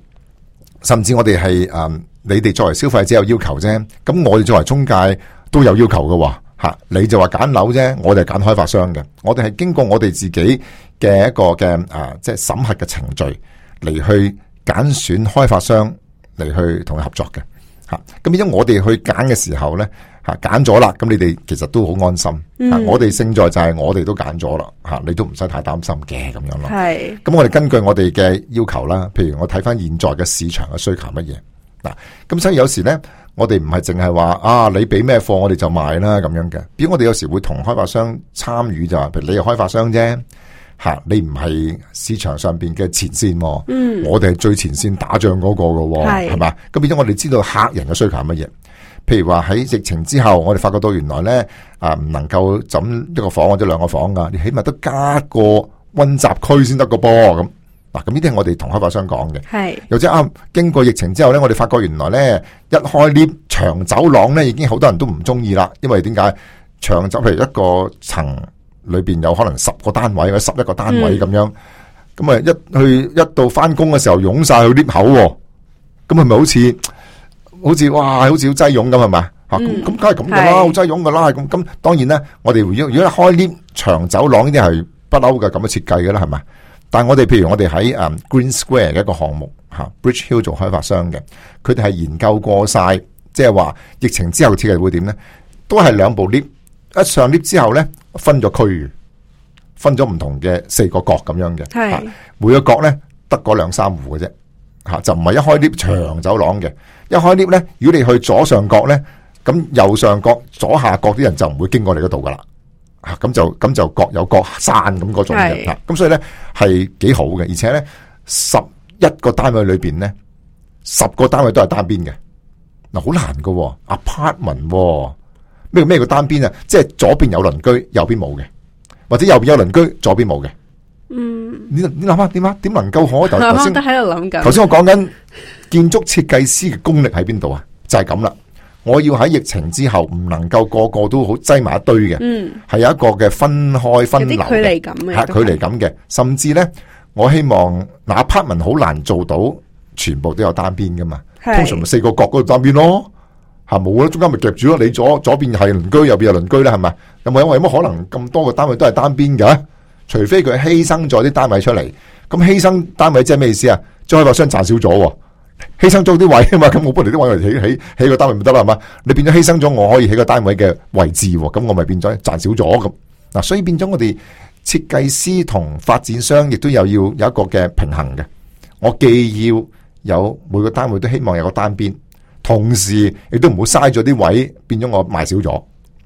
B: 甚至我哋係誒，你哋作為消費者有要求啫。咁我哋作為中介都有要求嘅喎。吓，你就話揀樓啫，我哋揀開發商嘅。我哋係經過我哋自己嘅一個嘅啊，即係審核嘅程序嚟去揀選開發商嚟去同佢合作嘅。咁變咗我哋去揀嘅時候呢，吓揀咗啦，咁你哋其實都好安心。嗯、我哋勝在就係我哋都揀咗啦，吓你都唔使太擔心嘅咁樣咯。係，咁我哋根據我哋嘅要求啦，譬如我睇翻現在嘅市場嘅需求乜嘢，嗱，咁所以有時呢，我哋唔係淨係話啊，你俾咩貨我哋就賣啦咁樣嘅。變我哋有時會同開發商參與就話，譬如你係開發商啫。吓，你唔係市場上邊嘅前線，嗯，我哋係最前線打仗嗰個嘅，係係嘛，咁變咗我哋知道客人嘅需求係乜嘢？譬如話喺疫情之後，我哋發覺到原來咧啊唔能夠整一個房或者兩個房噶，你起碼都加個溫習區先得個噃咁。嗱，咁呢啲係我哋同開發商講嘅，係又即啱經過疫情之後咧，我哋發覺原來咧一開 lift 長走廊咧，已經好多人都唔中意啦，因為點解長走？譬如一個層。裏邊有可能十個單位或者十一個單位咁樣，咁、嗯、啊一去一到翻工嘅時候，湧晒去 lift 口，咁係咪好似好似哇，好似好擠擁咁係咪？吓，咁梗係咁噶啦，好擠擁噶啦，係咁。當然咧，我哋如果如果開 lift 長走廊呢啲係不嬲嘅咁嘅設計噶啦，係咪？但係我哋譬如我哋喺 Green Square 嘅一個項目吓、啊、Bridge Hill 做開發商嘅，佢哋係研究過晒，即係話疫情之後設計會點咧，都係兩部 lift 一上 lift 之後咧，分咗區域，分咗唔同嘅四個角咁樣嘅，每個角咧得嗰兩三戶嘅啫，吓就唔係一開 lift 長走廊嘅，一開 lift 咧，如果你去左上角咧，咁右上角、左下角啲人就唔會經過你嗰度噶啦，吓咁就咁就各有各散咁嗰種嘅，咁所以咧係幾好嘅，而且咧十一個單位裏邊咧，十個單位都係單邊嘅，嗱好難噶，apartment。咩咩叫單邊啊？即係左邊有鄰居，右邊冇嘅，或者右邊有鄰居，左邊冇嘅。嗯，你你諗下點啊？點能夠可頭頭先都
A: 喺度諗緊。頭先我
B: 講緊建築設計師嘅功力喺邊度啊？就係咁啦。我要喺疫情之後唔能夠個個都好擠埋一堆嘅。嗯，係有一個嘅分開分流嘅距離咁嘅，距離感咁嘅。甚至咧，我希望哪 part 文好難做到，全部都有單邊噶嘛？通常咪四個角嗰度單邊咯。吓冇咯，中間咪夾住咯。你左左邊係鄰居，右邊係鄰居啦，係咪？有冇因為有乜可能咁多個單位都係單邊㗎，除非佢犧牲咗啲單位出嚟。咁犧牲單位即係咩意思啊？開發商賺少咗，犧牲咗啲位啊嘛。咁我不如啲位嚟起起起個單位咪得啦，係嘛？你變咗犧牲咗，我可以起個單位嘅位置，咁我咪變咗賺少咗咁。嗱，所以變咗我哋設計師同發展商亦都有要有一個嘅平衡嘅。我既要有每個單位都希望有個單邊。同時亦都唔好嘥咗啲位，變咗我賣少咗。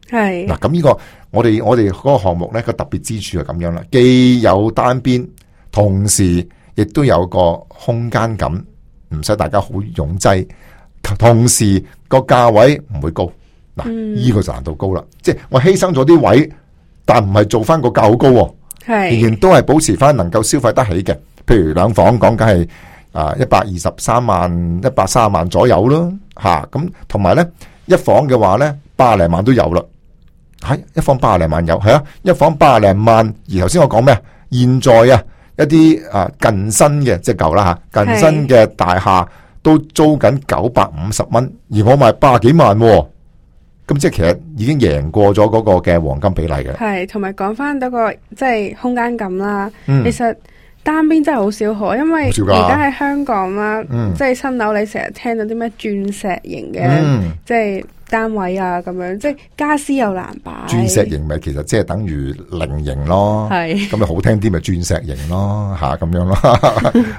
A: 係嗱，
B: 咁呢個我哋我哋嗰個項目呢個特別之處係咁樣啦，既有單邊，同時亦都有個空間感，唔使大家好擁擠。同時個價位唔會高，嗱，呢個就難度高啦。即係我犧牲咗啲位，但唔係做翻個價好高，
A: 喎，仍
B: 然都係保持翻能夠消費得起嘅。譬如兩房講緊係啊一百二十三萬、一百三十萬左右咯。吓、啊、咁，同埋咧一房嘅話咧，百零萬都有啦。係、啊、一房百零萬有，係啊一房百零萬。而頭先我講咩啊？現在啊，一啲啊近新嘅即係舊啦吓，近新嘅、就是啊、大廈都租緊九百五十蚊，而我賣百幾萬、啊，咁即係其實已經贏過咗嗰個嘅黃金比例嘅。
A: 係，同埋講翻多個即係、就是、空間感啦、嗯。其實。單邊真係好少可，因為而家喺香港啦、嗯嗯，即係新樓你成日聽到啲咩鑽石型嘅，即係單位啊咁樣，即係家私又難擺。鑽石
B: 型咪其實即係等於菱形咯型咯，咁咪好聽啲咪鑽石型咯吓咁樣咯。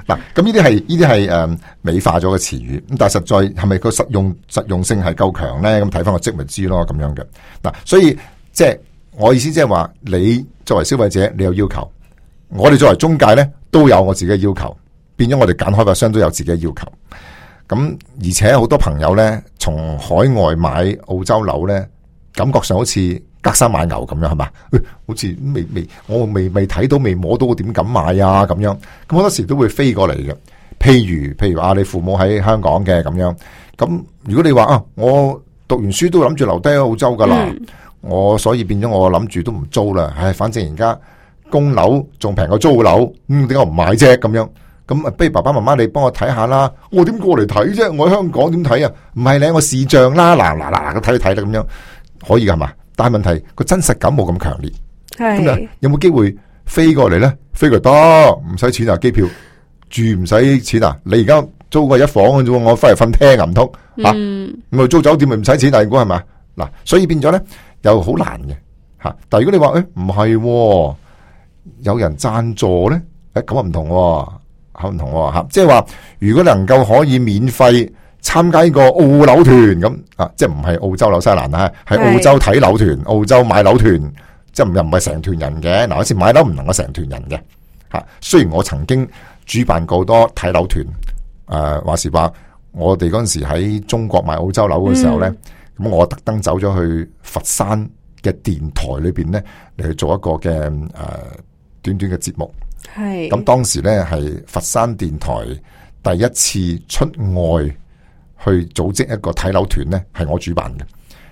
B: 嗱， 咁呢啲係呢啲係誒美化咗嘅詞語，咁但係實在係咪個實用實用性係夠強咧？咁睇翻個則就知咯咁樣嘅嗱，所以即係、就是、我意思即係話，你作為消費者，你有要求。我哋作為中介呢都有我自己嘅要求，變咗我哋揀開發商都有自己嘅要求。咁而且好多朋友呢，從海外買澳洲樓呢，感覺上好似隔山買牛咁樣，係嘛、哎？好似未未，我未未睇到，未摸到，點敢買啊？咁樣咁好多時都會飛過嚟嘅。譬如譬如話你父母喺香港嘅咁樣，咁如果你話啊，我讀完書都諗住留低喺澳洲噶啦，yeah. 我所以變咗我諗住都唔租啦。唉，反正而家。供樓仲平過租樓，咁點解唔買啫？咁樣咁啊，不如爸爸媽媽你幫我睇下啦。我點過嚟睇啫？我喺香港點睇啊？唔係咧，我視像啦，嗱嗱嗱咁睇睇啦，咁樣可以噶係嘛？但係問題個真實感冇咁強烈，係有冇機會飛過嚟咧？飛過多唔使錢啊，機票住唔使錢啊。你而家租過一房嘅啫，我翻嚟瞓廳啊，唔通吓？咁啊，租酒店咪唔使錢但如果係嘛？嗱，所以變咗咧，又好難嘅吓。但係如果你話誒唔係。欸有人贊助呢誒，咁啊唔同，吓唔同吓，即係話如果能夠可以免費參加呢個澳樓團咁啊，即係唔係澳洲紐西蘭啊，喺澳洲睇樓團、澳洲買樓團，即係又唔係成團人嘅。嗱、啊，好似買樓唔能夠成團人嘅吓、啊。雖然我曾經主辦過多睇樓團，誒、啊、話時話，我哋嗰陣時喺中國買澳洲樓嘅時候呢咁、嗯、我特登走咗去佛山嘅電台裏邊呢嚟去做一個嘅誒。啊短短嘅節目，
A: 係咁當
B: 時呢係佛山電台第一次出外去組織一個睇樓團呢係我主辦嘅。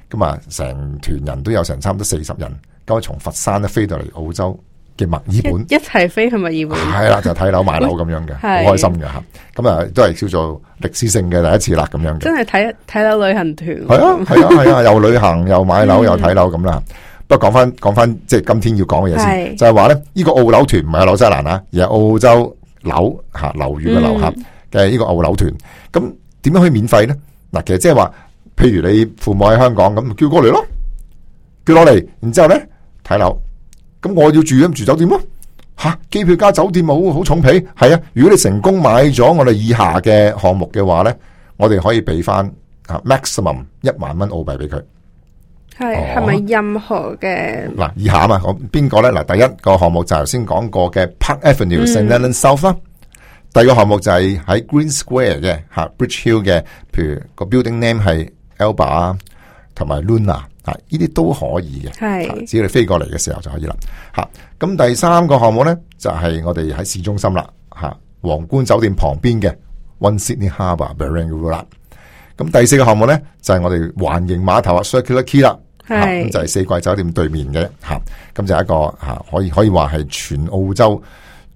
B: 咁啊，成團人都有成差唔多四十人，咁啊從佛山呢飛到嚟澳洲嘅墨爾本一
A: 齊飛去墨爾本，係啦，
B: 就睇、是、樓買樓咁樣嘅，好 開心嘅吓。咁、嗯、啊，都係叫做歷史性嘅第一次啦，咁樣嘅。
A: 真係睇睇樓旅行團，係啊係啊係啊，啊，啊，
B: 又旅行又買樓 又睇樓咁啦。不過講翻，講翻，即係今天要講嘅嘢先，就係話咧，呢個澳樓團唔係紐西蘭啊，而係澳洲樓吓樓宇嘅樓吓嘅呢個澳樓團。咁點樣可以免費呢？嗱，其實即係話，譬如你父母喺香港，咁叫過嚟咯，叫落嚟，然之後咧睇樓。咁我要住咁住酒店咯，吓、啊、機票加酒店好好重皮。係啊，如果你成功買咗我哋以下嘅項目嘅話咧，我哋可以俾翻 maximum 一萬蚊澳幣俾佢。係係咪任何嘅？嗱、啊、以下啊嘛，邊個咧嗱，第一個項目就頭先講過嘅 Park Avenue, Sydney South、啊、第二個項目就係喺 Green Square 嘅、啊、吓 Bridge Hill 嘅，譬如個 building name 係 Alba 同埋 Luna 吓、啊，呢啲都可以嘅。係、啊、只要你飛過嚟嘅時候就可以啦吓。咁、啊、第三個項目咧就係、是、我哋喺市中心啦吓，皇、啊、冠酒店旁邊嘅 One Sydney Harbour Barangaroo、啊、a 咁第四個項目咧就係、是、我哋環形碼頭啊，Circular Quay 啦。係，咁、啊、就係四季酒店對面嘅吓，咁、啊、就一個吓、啊、可以可以話係全澳洲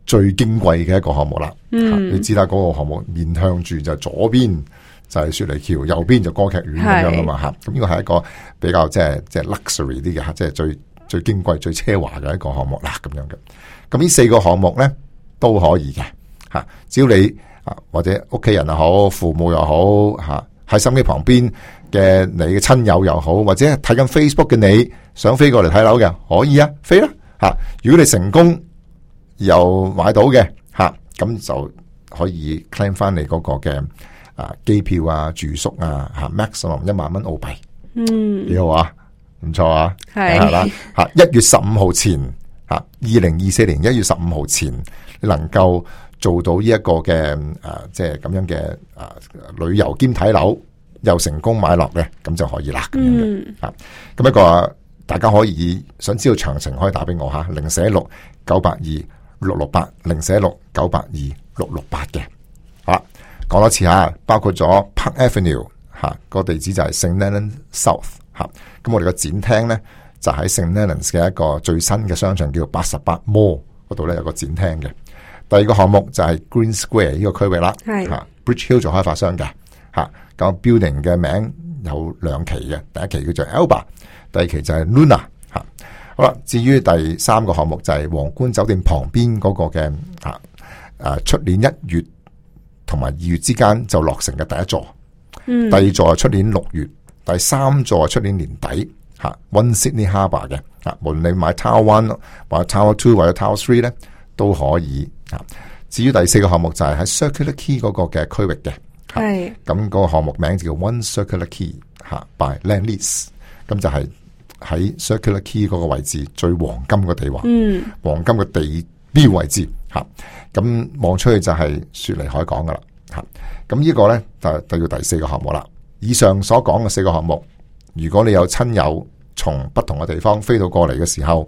B: 最矜貴嘅一個項目啦。嗯，啊、你知啦，嗰、嗰個項目面向住就左邊就係雪梨橋，右邊就歌劇院咁樣噶嘛吓。咁呢、啊、個係一個比較即係即係 luxury 啲嘅吓，即、就、係、是、最最矜貴最奢華嘅一個項目啦咁、啊、樣嘅。咁呢四個項目咧都可以嘅吓、啊，只要你啊或者屋企人又好，父母又好吓。啊喺手機旁邊嘅你嘅親友又好，或者睇緊 Facebook 嘅你想飛過嚟睇樓嘅，可以啊，飛啦、啊、吓！如果你成功有買到嘅吓，咁、啊、就可以 claim 翻，你嗰個嘅啊機票啊住宿啊吓 maximum 一萬蚊澳幣，嗯，幾好啊，唔錯啊，係啦吓，一月十五號前吓，二零二四年一月十五號前你能夠。做到呢一個嘅即係咁樣嘅啊、呃，旅遊兼睇樓又成功買落嘅，咁就可以啦。
A: 咁、
B: 嗯、樣嘅咁一個大家可以想知道詳情，可以打俾我吓，零四六九八二六六八，零四六九八二六六八嘅。好啦，講多次啊，包括咗 Park Avenue 吓，啊，個地址就係聖 Leonards South 吓，啊。咁我哋個展廳咧就喺聖 Leonards 嘅一個最新嘅商場，叫做八十八 More 嗰度咧，有個展廳嘅。第二個項目就係 Green Square 呢個區域啦、啊、Bridge Hill 做開發商嘅，吓、啊、咁 building 嘅名有兩期嘅，第一期叫做 Alba，第二期就係 Luna，吓、啊、好啦。至於第三個項目就係皇冠酒店旁邊嗰個嘅，吓誒出年一月同埋二月之間就落成嘅第一座，嗯、第二座係出年六月，第三座係出年年底吓、啊、One Sydney Harbour 嘅，吓、啊、無論你買 Tower One 或者 Tower Two 或者 Tower Three 咧都可以。至於第四個項目就係喺 Circular Quay 嗰個嘅區域嘅，係咁嗰個項目名就叫 One Circular Quay 吓，by Land Lease，咁就係喺 Circular Quay 嗰個位置最黃金嘅地王，嗯，黃金嘅地標位置，吓、啊，咁望出去就係雪梨海港噶啦，吓、啊，咁呢個咧就就係第四個項目啦。以上所講嘅四個項目，如果你有親友從不同嘅地方飛到過嚟嘅時候，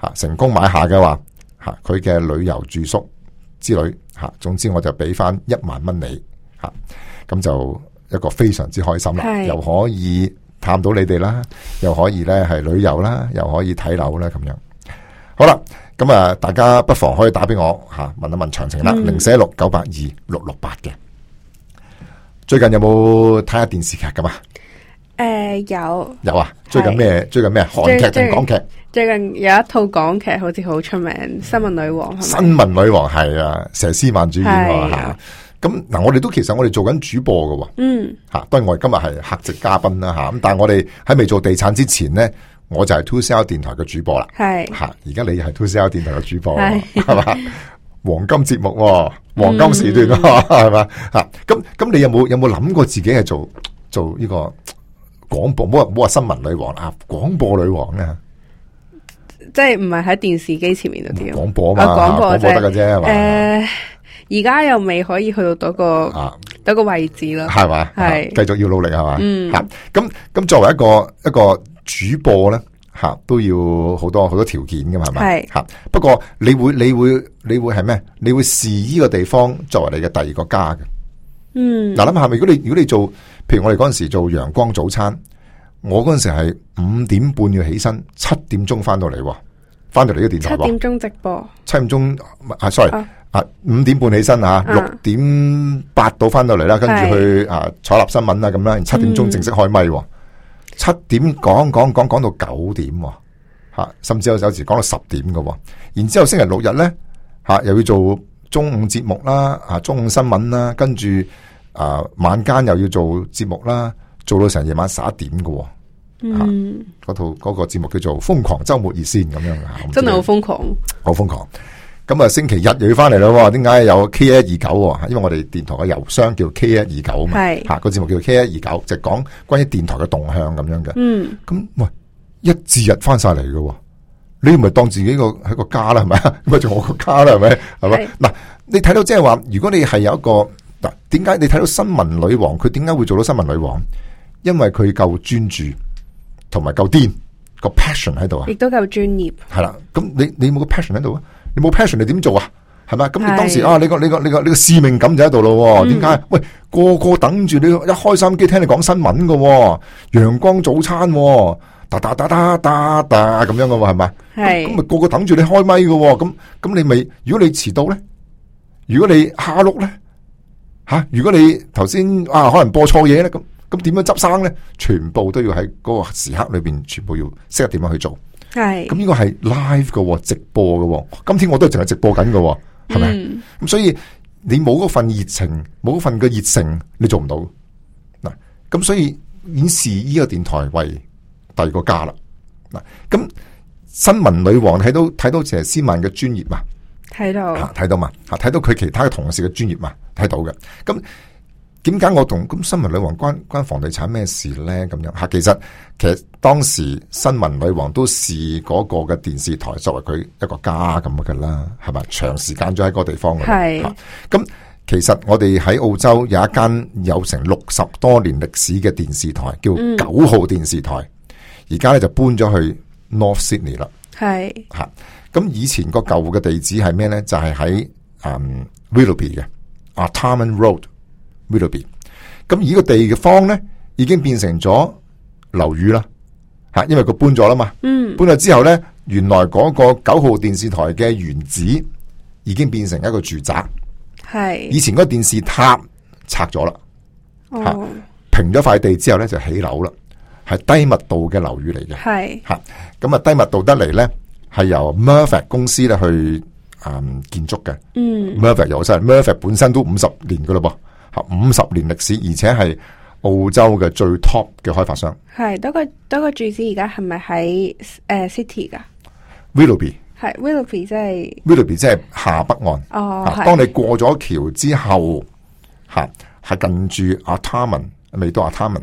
B: 吓、啊、成功買下嘅話，吓佢嘅旅遊住宿。之類吓，總之我就俾翻一萬蚊你吓，咁就一個非常之開心啦，又可以探到你哋啦，又可以呢係旅遊啦，又可以睇樓啦咁樣。好啦，咁啊，大家不妨可以打俾我吓，問一問詳情啦、嗯，零四一六九八二六六八嘅。最近有冇睇下電視劇咁啊？
A: 誒、呃，有
B: 有啊！最近咩？最近咩？韓劇定港劇？
A: 最近有一套港劇好似好出名，《新聞女王》嗯、新
B: 聞女王》係啊，佘詩曼主演吓、啊。咁嗱，我哋都其實我哋做緊主播噶、啊，嗯吓。當然我哋今日係客席嘉賓啦吓。咁但係我哋喺未做地產之前咧，我就係 2CR 電台嘅主播啦。係吓，而家、啊、你係 2CR 電台嘅主播係嘛？是是吧 黃金節目、啊，黃金時段係嘛吓？咁、嗯、咁， 啊、你有冇有冇諗過自己係做做呢、這個？廣播唔好話唔好話新聞女王啊，廣播女王啊，
A: 即係唔係喺電視機前面嗰啲廣播嘛？廣、啊、播得嘅啫，誒，而、呃、家又未可以去到嗰個、啊、個位置咯，
B: 係嘛？係繼、啊、續要努力係嘛？嗯，吓咁咁作為一個一個主播咧，吓、啊、都要好多好多條件嘅係嘛？係吓、啊、不過你會你會你會係咩？你會視呢個地方作為你嘅第二個家嘅。嗯，嗱，諗下咪，如果你如果你做，譬如我哋嗰陣時做陽光早餐，我嗰陣時係五點半要起身，七點鐘翻到嚟，翻到嚟個電台，七點鐘直播，七點鐘，啊 sorry，啊五、啊、點半起身吓，六點八到翻到嚟啦，跟、啊、住去啊採納新聞啊咁啦，七點鐘正式開咪，七點講講講講到九點，吓、啊，甚至有有時講到十點噶、啊，然之後星期六日咧，吓、啊、又要做。中午節目啦，啊中午新聞啦，跟住啊晚間又要做節目啦，做到成夜晚十一點㗎
A: 喎。
B: 嗰套嗰個節目叫做《瘋狂周末熱線》咁樣嘅，真係好瘋狂，好瘋狂。咁啊星期日又要翻嚟喎，點解有 K 一二九？因為我哋電台嘅郵箱叫 K 一二九啊嘛，係吓個節目叫 K 一二九，就講關於電台嘅動向咁樣嘅。嗯，咁喂，一至日翻晒嚟嘅。你唔係當自己個係個家啦，係咪？咪仲我個家啦，係咪？係咪？嗱，你睇到即係話，如果你係有一個嗱，點解你睇到新聞女王，佢點解會做到新聞女王？因為佢夠專注，同埋夠癲個 passion 喺度啊！亦
A: 都夠專業。
B: 係啦，咁你你冇個 passion 喺度啊？你冇 passion 你點做啊？係咪？咁你當時啊，你個你個你個你個，你個使命感就喺度咯？點解，嗯？喂，個個等住你一開心機聽你講新聞噶《陽光早餐》。噠噠噠噠噠噠咁樣嘅話係嘛，咁咪個個等住你開咪嘅，咁咁你咪如果你遲到咧，如果你下碌咧，吓、啊、如果你頭先啊可能播錯嘢咧，咁咁點樣執生咧？全部都要喺嗰個時刻裏邊，全部要識得點樣去做。
A: 係咁呢
B: 個係 live 嘅直播嘅，今天我都淨係直播緊嘅，係咪？咁、嗯、所以你冇嗰份熱情，冇嗰份嘅熱誠，你做唔到嗱。咁所以顯示呢個電台為。第二個家啦，咁新聞女王睇到睇到佘詩曼嘅專業嘛，
A: 睇到，
B: 睇、啊、到嘛，吓、啊、睇到佢其他嘅同事嘅專業嘛，睇到嘅。咁點解我同咁新聞女王關關房地產咩事呢？咁樣吓，其實其實當時新聞女王都視嗰個嘅電視台作為佢一個家咁嘅啦，係咪？長時間咗喺個地方，嘅。咁、啊、其實我哋喺澳洲有一間有成六十多年歷史嘅電視台叫九號電視台。嗯嗯而家咧就搬咗去 North Sydney 啦，係吓，咁、啊、以前個舊嘅地址係咩咧？就係、是、喺、嗯、Willoughby 嘅 Artarmon Road Willoughby，咁、啊、而個地方咧已經變成咗樓宇啦，吓、啊，因為佢搬咗啦嘛，嗯，搬咗之後咧，原來嗰個九號電視台嘅原址已經變成一個住宅，
A: 係，以
B: 前嗰個電視塔拆咗啦，
A: 吓、
B: 啊哦，平咗塊地之後咧就起樓啦。係低密度嘅樓宇嚟嘅，係吓咁啊！低密度得嚟咧，係由 Mirvac 公司咧去誒建築嘅。嗯，Mirvac 有晒，Mirvac 本身都五十年噶啦噃，吓五十年歷史，而且係澳洲嘅最 top 嘅開發商。
A: 係多,多個住址而家係咪喺誒 City 噶 Willoughby 係 Willoughby 即係
B: Willoughby 即係下北岸。哦，當你過咗橋之後，吓係近住阿 Artarmon 未到阿 Artarmon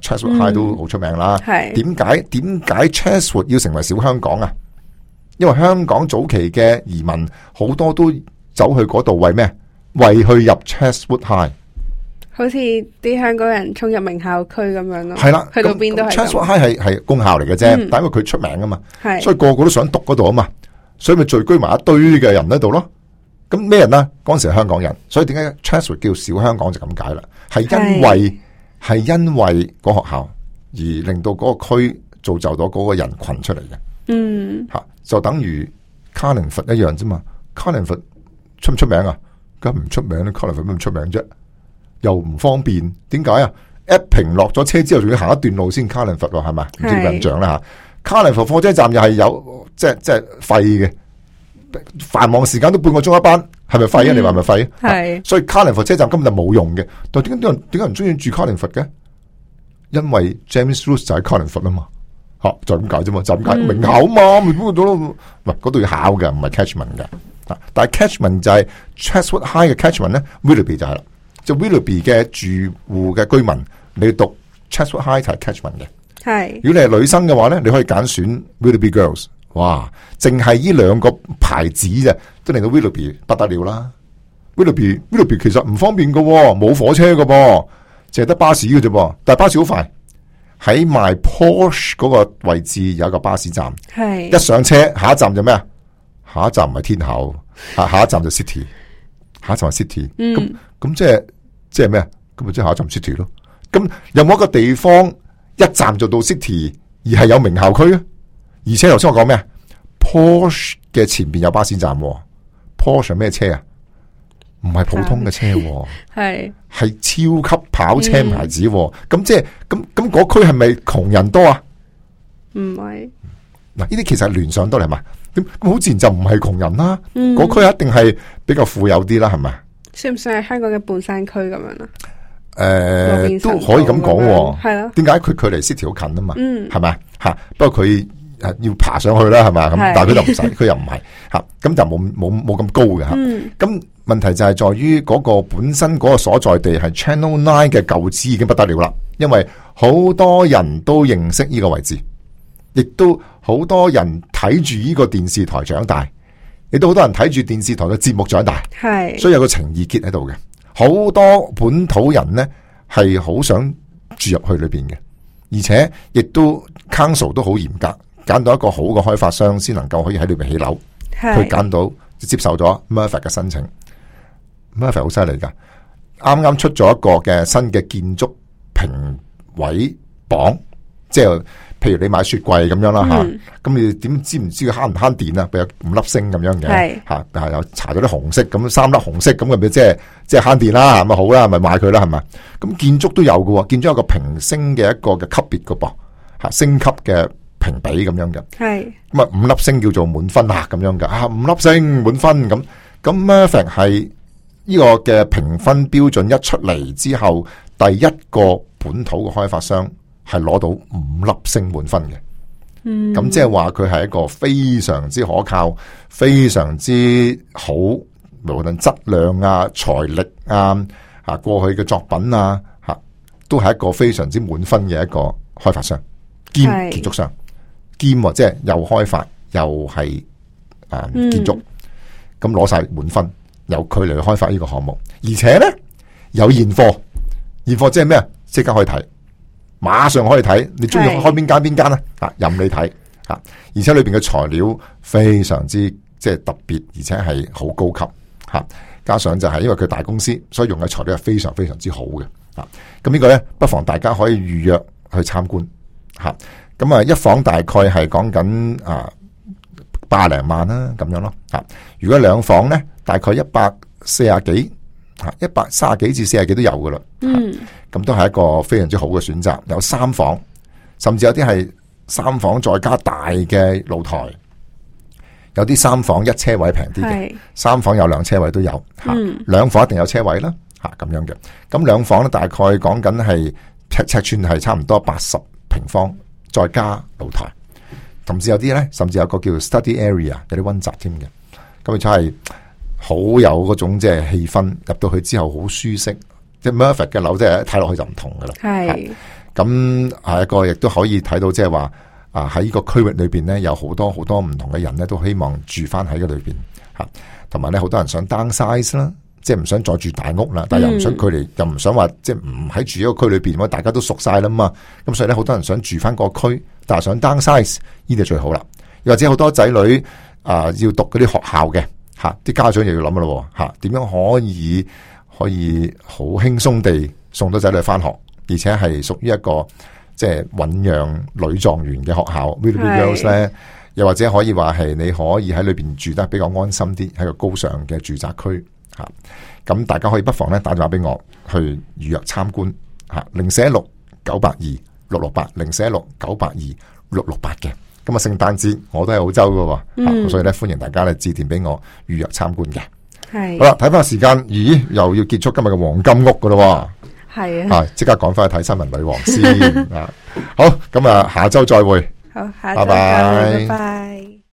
B: Chatswood High、嗯、都好出名啦，點解點解 Chatswood 要成為小香港啊？因為香港早期嘅移民好多都走去嗰度，為咩？為去入 Chatswood High？
A: 好似啲香港人衝入名校區咁樣咯，係啦、啊，去到邊都係。Chatswood High
B: 係係公校嚟嘅啫，但係因為佢出名啊嘛，所以個個都想讀嗰度啊嘛，所以咪聚居埋一堆嘅人喺度咯。咁咩人呢？嗰陣時係香港人，所以點解 Chatswood 叫小香港就咁解啦？係因為。係因為嗰學校而令到嗰個區造就咗嗰個人群出嚟嘅，嗯，吓就等於卡林佛一樣啫嘛。卡林佛出唔出名啊？咁唔出名咧，卡林佛咁出名啫、啊？又唔方便，點解啊？一平落咗車之後，仲要行一段路先卡林佛喎，係咪？唔知印象啦吓。卡林佛火車站又係有，即係即係廢嘅。就是繁忙時間都半個鐘一班，係咪廢啊？你話咪廢？係，所以卡靈佛車站根本就冇用嘅。但係點解啲人點解唔中意住卡靈佛嘅？因為 James Ruse 就喺卡靈佛啊嘛，吓就咁解啫嘛，就咁、是、解、就是解嗯、名校嘛，咪咁多咯。唔係，嗰度要考嘅，唔係 Catchment 嘅。啊，但係 Catchment 就係 Chatswood High 嘅 Catchment 咧，Willoughby 就係啦。就 Willoughby 嘅住戶嘅居民，你要讀 Chatswood High 就係 Catchment 嘅。
A: 係，如
B: 果你係女生嘅話咧，你可以揀選、選 Willoughby Girls。哇！淨係呢兩個牌子啫，都令到 Willoughby 不得了啦。Willoughby，Willoughby Willoughby 其實唔方便喎，冇火車噶，淨係得巴士嘅啫。但係巴士好快。喺賣 Porsche 嗰個位置有一個巴士站，係一上車，下一站就咩啊？下一站唔係天后，下下一站就 City，下一站係 City，嗯。咁咁即係即係咩啊？咁咪即係下一站 City 咯。咁有冇一個地方一站就到 City，而係有名校區啊？而且頭先我講咩啊？Porsche 嘅前邊有巴士站，Porsche 咩車啊？唔係普通嘅車，係係超級跑車牌子。咁、嗯、即係咁咁嗰區係咪窮人多啊？
A: 唔係
B: 嗱，呢啲其實聯想到嚟嘛，咁好自然就唔係窮人啦。嗰、嗯、區一定係比較富有啲啦，係咪？
A: 算唔算係香港嘅半山區咁樣啦？
B: 誒、呃，都可以咁講，係咯？點解佢佢離 city 好近啊嘛？嗯，係咪啊？吓，不過佢。要爬上去啦，係嘛咁，但係佢就唔使，佢又唔係吓，咁、 啊、就冇冇冇咁高嘅吓。咁、啊嗯、問題就係在於嗰個本身嗰個所在地係 Channel Nine 嘅舊址已經不得了啦，因為好多人都認識呢個位置，亦都好多人睇住呢個電視台長大，亦都好多人睇住電視台嘅節目長大，係，所以有個情意結喺度嘅。好多本土人呢係好想住入去裏邊嘅，而且亦都 Council 都好嚴格。揀到一個好嘅開發商，先能夠可以喺裏邊起樓。
A: 佢揀
B: 到接受咗 Murphy 嘅申請 Murphy 好犀利噶。啱啱出咗一個嘅新嘅建築評委榜，即係譬如你買雪櫃咁樣啦、嗯、吓、啊，咁你點知唔知慳唔慳電啊？俾五粒星咁樣嘅，吓、啊，又查咗啲紅色，咁三粒紅色咁咪即係即係慳電啦、啊，咁啊好啦，咪買佢啦，係咪？咁建築都有嘅，建築有個評星嘅一個嘅級別嘅噃，吓、啊、升級嘅。評比咁樣嘅，係咁啊，五粒星叫做滿分啊咁樣嘅啊，五粒星滿分咁咁啊，凡係呢個嘅評分標準一出嚟之後，第一個本土嘅開發商係攞到五粒星滿分嘅，嗯，咁即係話佢係一個非常之可靠、非常之好無論質量啊、財力啊啊過去嘅作品啊吓、啊，都係一個非常之滿分嘅一個開發商兼建築商。即係又開發又係啊建築，咁攞晒滿分，有距離去開發呢個項目，而且呢，有現貨，現貨即係咩？即刻可以睇，馬上可以睇，你中意開邊間邊間啊？啊，任你睇啊！而且裏邊嘅材料非常之即係特別，而且係好高級吓。加上就係因為佢大公司，所以用嘅材料係非常非常之好嘅啊。咁呢個呢，不妨大家可以預約去參觀吓。咁啊，一房大概係講緊啊八零萬啦，咁樣咯。啊，如果兩房呢，大概一百四十幾，啊一百三十幾至四十幾都有噶啦。嗯，咁都係一個非常之好嘅選擇。有三房，甚至有啲係三房再加大嘅露台，有啲三房一車位平啲嘅，三房有兩車位都有。嗯，兩房一定有車位啦。吓咁樣嘅，咁兩房呢大概講緊係尺尺寸係差唔多八十平方。再加露台，甚至有啲呢，甚至有個叫 study area，有啲溫習添嘅，咁而且係好有嗰種即係氣氛，入到去之後好舒適，即係 Merve 嘅樓即係睇落去就唔同噶啦。係，咁係一個亦都可以睇到，即係話啊喺個區域裏邊呢，有好多好多唔同嘅人呢，都希望住翻喺個裏邊吓，同埋呢，好多人想 downsize 啦。即係唔想再住大屋啦，但係又唔想距離，嗯、又唔想話即係唔喺住一個區裏邊，咁大家都熟晒啦嘛。咁所以咧，好多人想住翻個區，但係想 downsize，呢就最好啦。又或者好多仔女啊，呃、要讀嗰啲學校嘅吓，啲家長又要諗咯吓，點樣可以可以好輕鬆地送到仔女翻學，而且係屬於一個即係醞釀女狀元嘅學校。w i l l l y girls 咧，又或者可以話係你可以喺裏邊住得比較安心啲，喺個高尚嘅住宅區。吓，咁大家可以不妨咧打電話俾我，去預約參觀吓，零四一六九八二六六八零四一六九八二六六八嘅。今日聖誕節我都係澳洲噶、嗯，所以咧歡迎大家咧致電俾我預約參觀嘅
A: 係。好啦，
B: 睇翻時間，咦，又要結束今日嘅黃金屋噶咯。係啊，即刻趕翻去睇新聞女王先啊 好，咁啊下周再會。好，拜拜。